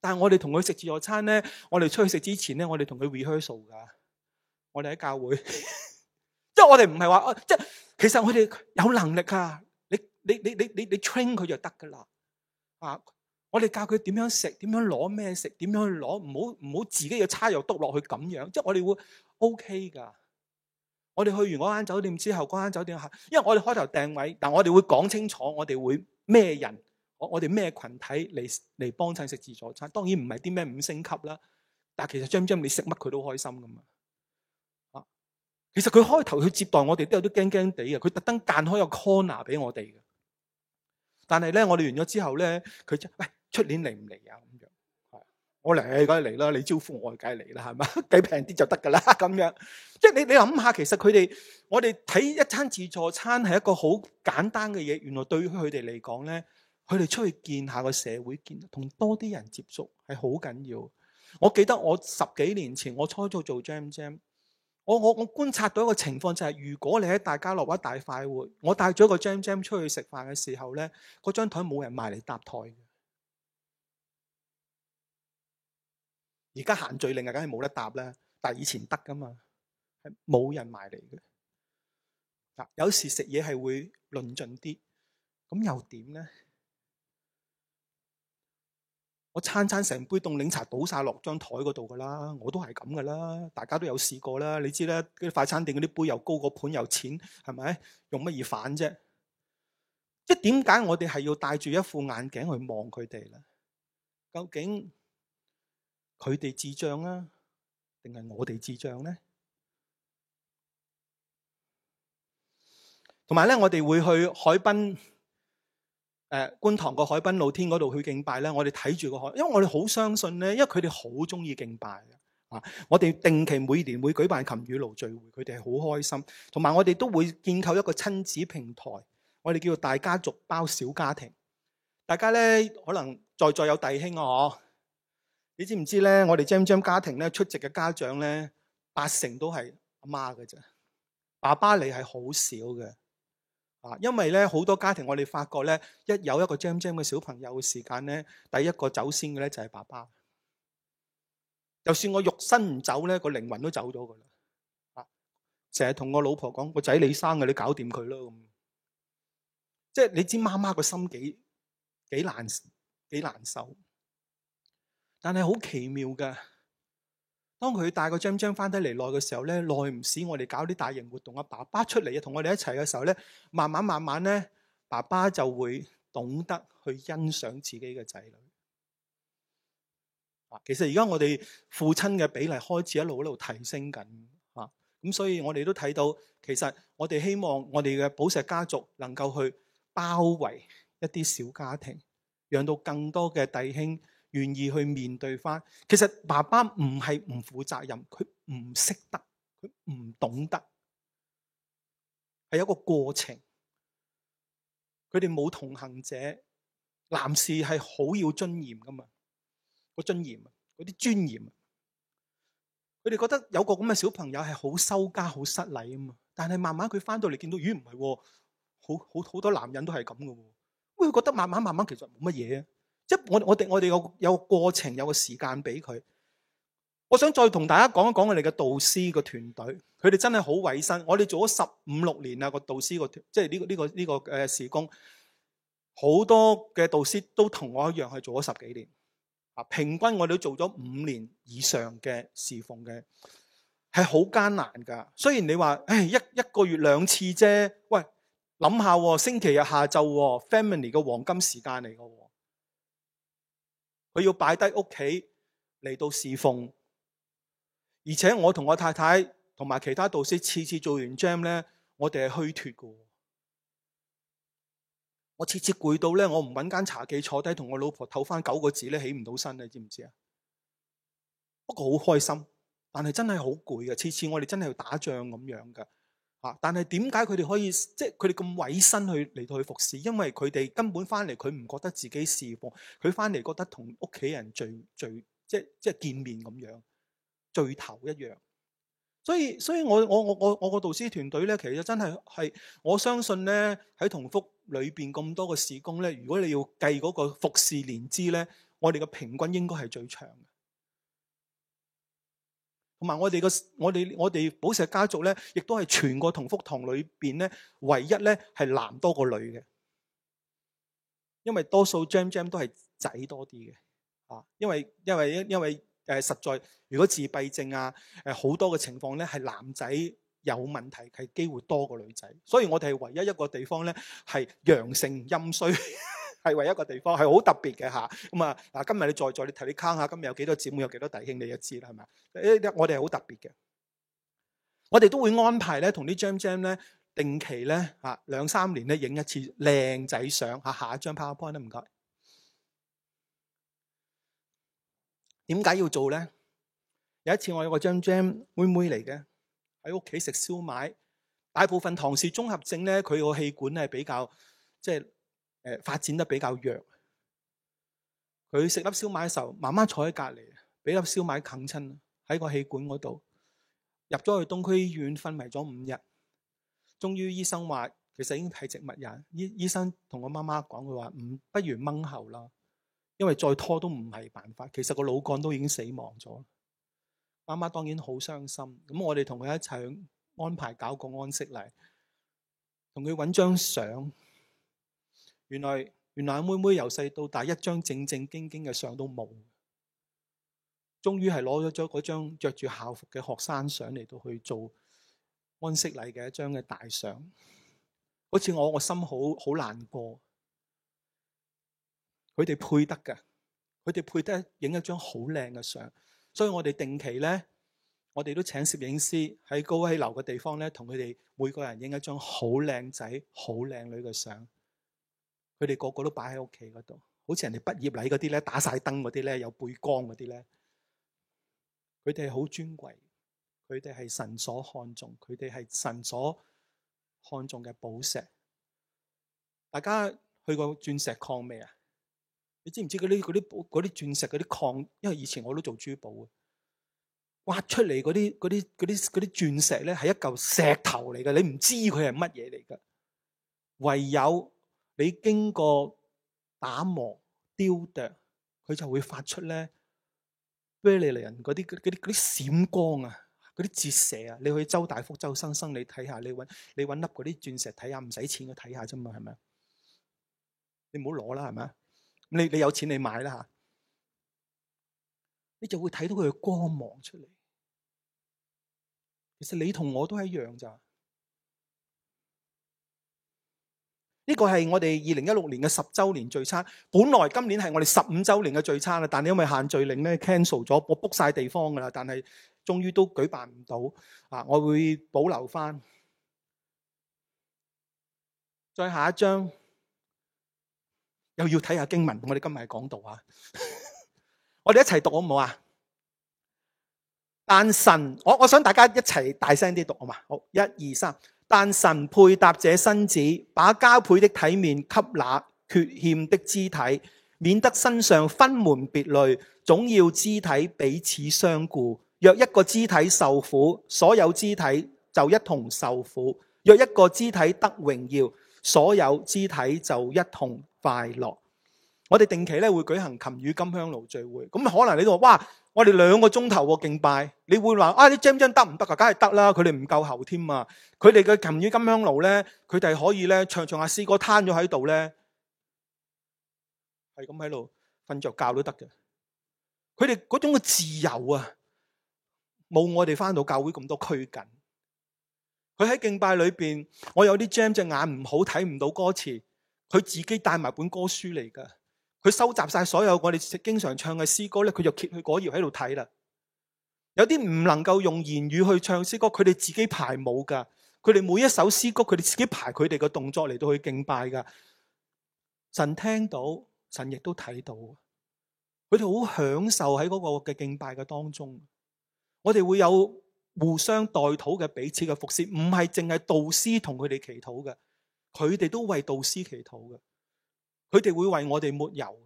但係我哋同佢食自助餐咧，我哋出去食之前咧，我哋同佢 rehearsal 噶。我哋喺教會，即係我哋唔係話，即係其實我哋有能力噶。你你你你你 train 佢就得噶啦啊！我哋教佢點樣食，點樣攞咩食，點樣去攞，唔好唔好自己要叉又篤落去咁樣，即係我哋會 OK 噶。我哋去完間酒店之後間酒店吓，因為我哋開頭訂位，但我哋會講清楚，我哋會咩人，我我哋咩群體嚟嚟幫襯食自助餐。當然唔係啲咩五星級啦，但係其實 jam jam 你食乜佢都開心噶嘛啊！其實佢開頭去接待我哋都有啲驚驚哋嘅，佢特登間開個 corner 俾我哋嘅。但係咧，我哋完咗之後咧，佢出出年嚟唔嚟啊？咁樣，我嚟梗係嚟啦，你招呼我梗嚟啦，係嘛？計平啲就得噶啦，咁樣。即係、就是、你你諗下，其實佢哋我哋睇一餐自助餐係一個好簡單嘅嘢，原來對於佢哋嚟講咧，佢哋出去見下個社會，見同多啲人接觸係好緊要。我記得我十幾年前我初初做 jam jam。我我我觀察到一個情況就係，如果你喺大家樂一大快活，我帶咗個 jam jam 出去食飯嘅時候咧，嗰張台冇人埋嚟搭台。而家限聚令啊，梗係冇得搭啦。但係以前得噶嘛，係冇人埋嚟嘅。啊，有時食嘢係會論盡啲，咁又點咧？我餐餐成杯凍檸茶倒晒落張台嗰度噶啦，我都係咁噶啦，大家都有試過啦。你知啦，啲快餐店嗰啲杯又高，個盤又淺，係咪？用乜嘢反啫？即係點解我哋係要戴住一副眼鏡去望佢哋咧？究竟佢哋智障啊，定係我哋智障咧？同埋咧，我哋會去海濱。誒、呃、觀塘個海濱露天嗰度去敬拜咧，我哋睇住個海，因為我哋好相信咧，因為佢哋好中意敬拜啊！我哋定期每年會舉辦琴與爐聚會，佢哋係好開心，同埋我哋都會建構一個親子平台，我哋叫做大家族包小家庭。大家咧可能在座有弟兄啊，你知唔知咧？我哋 jam 家庭咧出席嘅家長咧，八成都係阿媽嘅啫，爸爸你係好少嘅。啊，因為咧好多家庭，我哋發覺咧，一有一個 jam 嘅小朋友嘅時間咧，第一個走先嘅咧就係爸爸。就算我肉身唔走咧，個靈魂都走咗噶啦。啊，成日同我老婆講，個仔你生嘅，你搞掂佢咯咁。即係你知媽媽個心幾幾難幾難受，但係好奇妙㗎。當佢帶個張張翻低嚟耐嘅時候咧，耐唔使我哋搞啲大型活動，阿爸爸出嚟啊同我哋一齊嘅時候咧，慢慢慢慢咧，爸爸就會懂得去欣賞自己嘅仔女。啊，其實而家我哋父親嘅比例開始一路一路提升緊，咁所以我哋都睇到，其實我哋希望我哋嘅寶石家族能夠去包圍一啲小家庭，讓到更多嘅弟兄，願意去面對翻，其實爸爸唔係唔負責任，佢唔識得，佢唔懂得，係一個過程。佢哋冇同行者，男士係好要尊嚴㗎嘛，嗰尊嚴啊，嗰啲尊嚴啊，佢哋覺得有個咁嘅小朋友係好收家、好失禮啊嘛。但係慢慢佢翻到嚟見到，咦唔係喎，好好好多男人都係咁嘅喎，會覺得慢慢慢慢其實冇乜嘢。啊。即我我哋，我哋有有個過程，有個時間俾佢。我想再同大家講一講我哋嘅導師個團隊，佢哋真係好委身。我哋做咗十五六年啦，個導師個即係呢個呢個呢個誒事工，好多嘅導師都同我一樣係做咗十幾年啊。平均我哋都做咗五年以上嘅侍奉嘅，係好艱難噶。雖然你話誒一一個月兩次啫，喂諗下星期日下晝 family 嘅黃金時間嚟噶。佢要擺低屋企嚟到侍奉，而且我同我太太同埋其他導師次次做完 jam 咧，我哋係虛脱噶。我次次攰到咧，我唔揾間茶記坐低同我老婆唞翻九個字咧，起唔到身，你知唔知啊？不過好開心，但係真係好攰噶，次次我哋真係要打仗咁樣噶。啊！但係點解佢哋可以即係佢哋咁委身去嚟到去服侍？因為佢哋根本返嚟佢唔覺得自己事奉，佢返嚟覺得同屋企人聚聚，即係即係見面咁樣聚頭一樣。所以所以我，我我我我我個導師團隊咧，其實真係係我相信咧喺同福裏邊咁多個事工咧，如果你要計嗰個服侍年資咧，我哋嘅平均應該係最長嘅。同埋我哋個我哋我哋寶石家族咧，亦都係全個同福堂裏邊咧，唯一咧係男多過女嘅。因為多數 Gem Gem 都係仔多啲嘅，啊，因為因為因為誒、呃、實在如果自閉症啊，誒、呃、好多嘅情況咧，係男仔有問題，係機會多過女仔，所以我哋係唯一一個地方咧係陽盛陰衰。 係唯一一個地方，係好特別嘅嚇。咁啊，嗱，今日你再再你睇你 count 下，今日有幾多姊妹，有幾多弟兄，你就知啦，係咪？我哋係好特別嘅，我哋都會安排咧，同啲 Jam Jam 咧定期咧嚇兩三年咧影一次靚仔相嚇。下一張 PowerPoint 啦，唔該。點解要做咧？有一次我有個 Jam Jam 妹妹嚟嘅，喺屋企食燒賣。大部分唐氏綜合症咧，佢個氣管係比較即係。就是誒，發展得比較弱。佢食粒燒賣嘅時候，媽媽坐喺隔籬，俾粒燒賣啃親喺個氣管嗰度，入咗去東區醫院昏迷咗五日，終於醫生話，其實已經係植物人。醫醫生同我媽媽講，佢話唔不如掹喉啦，因為再拖都唔係辦法。其實個腦幹都已經死亡咗。媽媽當然好傷心。咁我哋同佢一齊安排搞個安息禮，同佢搵張相。原來原來阿妹妹由細到大一張正正經經嘅相都冇，終於係攞咗咗嗰張着住校服嘅學生相嚟到去做安息禮嘅一張嘅大相，好似我我心好好難過。佢哋配得㗎，佢哋配得影一張好靚嘅相，所以我哋定期咧，我哋都請攝影師喺高起樓嘅地方咧，同佢哋每個人影一張好靚仔、好靚女嘅相。佢哋個個都擺喺屋企嗰度，好似人哋畢業禮嗰啲咧，打晒燈嗰啲咧，有背光嗰啲咧，佢哋好尊貴，佢哋係神所看重，佢哋係神所看重嘅寶石。大家去過鑽石礦未啊？你知唔知嗰啲嗰啲啲鑽石嗰啲礦？因為以前我都做珠寶嘅，挖出嚟嗰啲嗰啲啲啲鑽石咧，係一嚿石頭嚟嘅，你唔知佢係乜嘢嚟㗎，唯有。你經過打磨雕琢，佢就會發出咧，威尼斯人嗰啲嗰啲嗰啲閃光啊，嗰啲折射啊。你去周大福、周生生，你睇下，你搵你搵粒嗰啲鑽石睇下，唔使錢去睇下啫嘛，係咪啊？你唔好攞啦，係咪啊？你你有錢你買啦吓，你就會睇到佢嘅光芒出嚟。其實你同我都係一樣咋。呢個係我哋二零一六年嘅十周年聚餐。本來今年係我哋十五周年嘅聚餐啦，但係因為限聚令咧 cancel 咗，我 book 晒地方噶啦，但係終於都舉辦唔到啊！我會保留翻。再下一章又要睇下經文，我哋今日係講道啊，我哋一齊讀好唔好啊？但神，我我想大家一齊大聲啲讀好嘛，好，一二三。但神配搭這身子，把加倍的體面給那缺欠的肢體，免得身上分門別類。總要肢體彼此相顧。若一個肢體受苦，所有肢體就一同受苦；若一個肢體得榮耀，所有肢體就一同快樂。我哋定期咧會舉行琴與金香爐聚會，咁可能你話哇？我哋兩個鐘頭喎敬拜，你會話啊？你 jam 真得唔得啊？梗係得啦，佢哋唔夠喉添啊！佢哋嘅琴于金香爐咧，佢哋可以咧唱唱下詩歌，攤咗喺度咧，係咁喺度瞓着覺都得嘅。佢哋嗰種嘅自由啊，冇我哋翻到教會咁多拘謹。佢喺敬拜裏邊，我有啲 jam 隻眼唔好睇唔到歌詞，佢自己帶埋本歌書嚟噶。佢收集晒所有我哋經常唱嘅詩歌咧，佢就揭去嗰頁喺度睇啦。有啲唔能夠用言語去唱詩歌，佢哋自己排舞㗎。佢哋每一首詩歌，佢哋自己排佢哋嘅動作嚟到去敬拜㗎。神聽到，神亦都睇到。佢哋好享受喺嗰個嘅敬拜嘅當中。我哋會有互相代禱嘅彼此嘅服侍，唔係淨係導師同佢哋祈禱嘅，佢哋都為導師祈禱嘅。佢哋會為我哋抹油。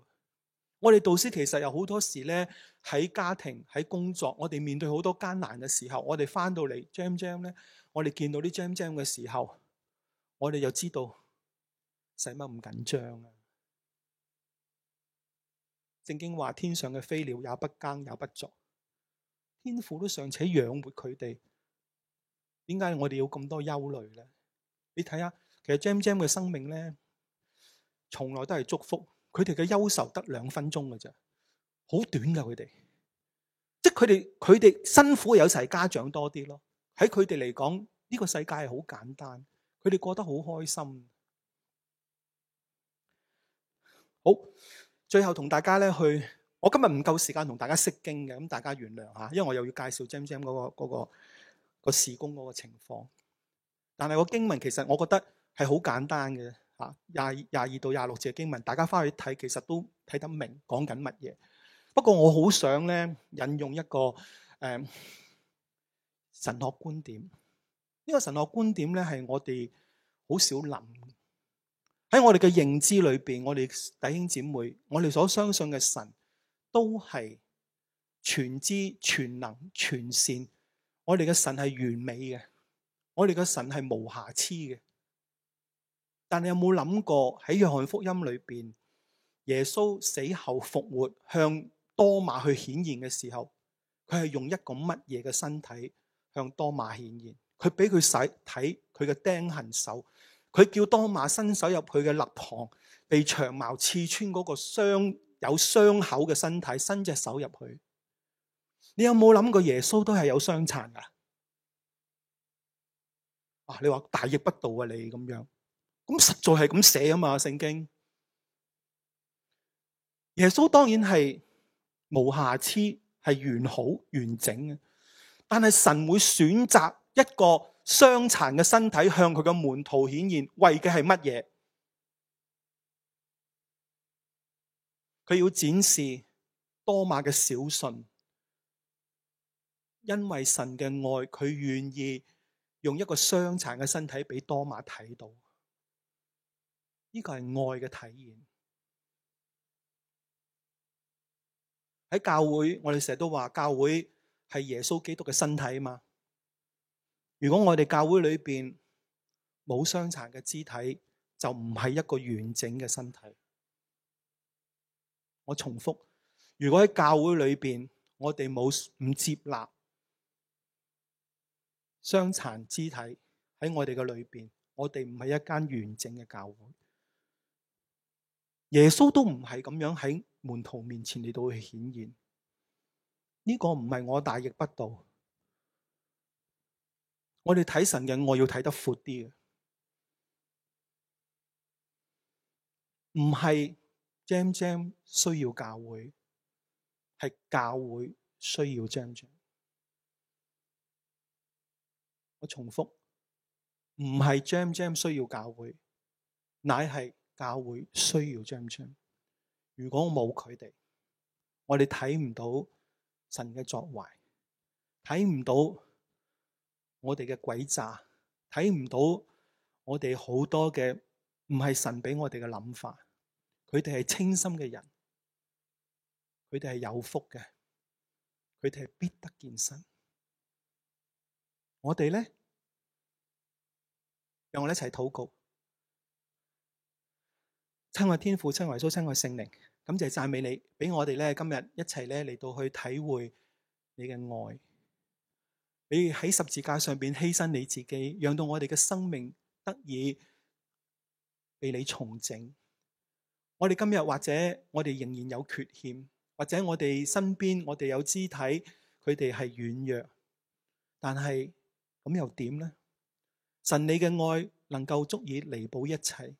我哋導師其實有好多時咧，喺家庭、喺工作，我哋面對好多艱難嘅時候我們回 Jam Jam，我哋翻到嚟 Jam Jam 咧，我哋見到啲 Jam Jam 嘅時候，我哋就知道使乜咁緊張啊！聖經話：天上嘅飛鳥也不耕也不作，天父都尚且養活佢哋，點解我哋要咁多憂慮咧？你睇下，其實 Jam Jam 嘅生命咧。從來都係祝福，佢哋嘅憂愁得兩分鐘嘅啫，好短噶佢哋，即係佢哋佢哋辛苦有時係家長多啲咯。喺佢哋嚟講，呢個世界係好簡單，佢哋過得好開心。好，最後同大家咧去，我今日唔夠時間同大家識經嘅，咁大家原諒吓，因為我又要介紹 Jam Jam 嗰個嗰個嗰個事工嗰個情況。但係個經文其實我覺得係好簡單嘅。啊，廿廿二到廿六節嘅經文，大家翻去睇，其實都睇得明講緊乜嘢。不過我好想咧引用一個誒、呃、神學觀點，呢個神學觀點咧係我哋好少諗。喺我哋嘅認知裏邊，我哋弟兄姊妹，我哋所相信嘅神都係全知全能全善，我哋嘅神係完美嘅，我哋嘅神係無瑕疵嘅。但你有冇諗過喺約翰福音裏邊，耶穌死後復活向多馬去顯現嘅時候，佢係用一個乜嘢嘅身體向多馬顯現？佢俾佢使睇佢嘅釘痕手，佢叫多馬伸手入佢嘅肋旁，被長矛刺穿嗰個傷有傷口嘅身體，伸隻手入去。你有冇諗過耶穌都係有傷殘噶？啊，你話大逆不道啊，你咁樣？咁實在係咁寫啊嘛，聖經。耶穌當然係無瑕疵，係完好完整嘅。但係神會選擇一個傷殘嘅身體向佢嘅門徒顯現，為嘅係乜嘢？佢要展示多馬嘅小信，因為神嘅愛，佢願意用一個傷殘嘅身體俾多馬睇到。呢個係愛嘅體現。喺教會，我哋成日都話教會係耶穌基督嘅身體啊嘛。如果我哋教會裏邊冇傷殘嘅肢體，就唔係一個完整嘅身體。我重複，如果喺教會裏邊，我哋冇唔接納傷殘肢體喺我哋嘅裏邊，我哋唔係一間完整嘅教會。耶穌都唔係咁樣喺門徒面前嚟到去顯現，呢個唔係我大逆不道我們看。我哋睇神嘅愛要睇得闊啲，唔係 Jam Jam 需要教會，係教會需要 Jam Jam。我重複，唔係 Jam Jam 需要教會，乃係。教會需要張張，如果冇佢哋，我哋睇唔到神嘅作為，睇唔到我哋嘅詭詐，睇唔到我哋好多嘅唔係神俾我哋嘅諗法，佢哋係清心嘅人，佢哋係有福嘅，佢哋係必得見神。我哋咧，讓我哋一齊禱告。親愛天父，親愛的主，親愛聖靈，感謝讚美你，俾我哋咧今日一齊咧嚟到去體會你嘅愛。你喺十字架上邊犧牲你自己，讓到我哋嘅生命得以被你重整。我哋今日或者我哋仍然有缺陷，或者我哋身邊我哋有肢體，佢哋係軟弱，但係咁又點呢？神，你嘅愛能夠足以彌補一切。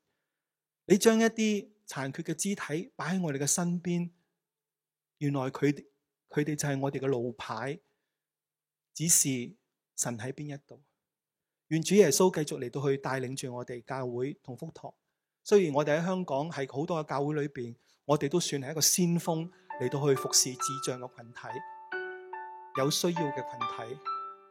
你將一啲殘缺嘅肢體擺喺我哋嘅身邊，原來佢佢哋就係我哋嘅路牌，指示神喺邊一度。願主耶穌繼續嚟到去帶領住我哋教會同福堂。雖然我哋喺香港係好多嘅教會裏邊，我哋都算係一個先鋒嚟到去服侍智障嘅群體，有需要嘅群體。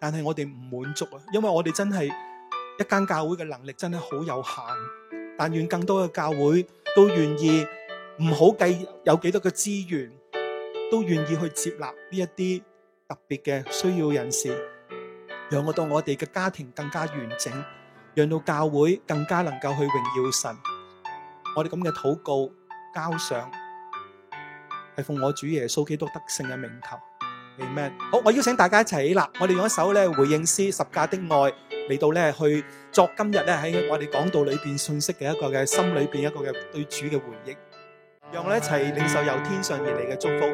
但係我哋唔滿足啊，因為我哋真係一間教會嘅能力真係好有限。但願更多嘅教會都願意，唔好計有幾多嘅資源，都願意去接納呢一啲特別嘅需要人士，讓我到我哋嘅家庭更加完整，讓到教會更加能夠去榮耀神。我哋咁嘅禱告交上，係奉我主耶穌基督得勝嘅名求，Amen。好，我邀請大家一齊起立，我哋用一首咧回應詩《十架的愛》。嚟到咧，去作今日咧喺我哋講道裏邊信息嘅一個嘅心裏邊一個嘅對主嘅回憶，讓我哋一齊領受由天上而嚟嘅祝福。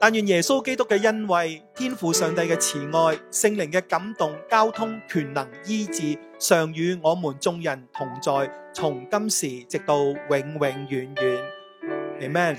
但願耶穌基督嘅恩惠、天父上帝嘅慈愛、聖靈嘅感動、交通、權能、醫治，常與我們眾人同在，從今時直到永永遠遠。Amen。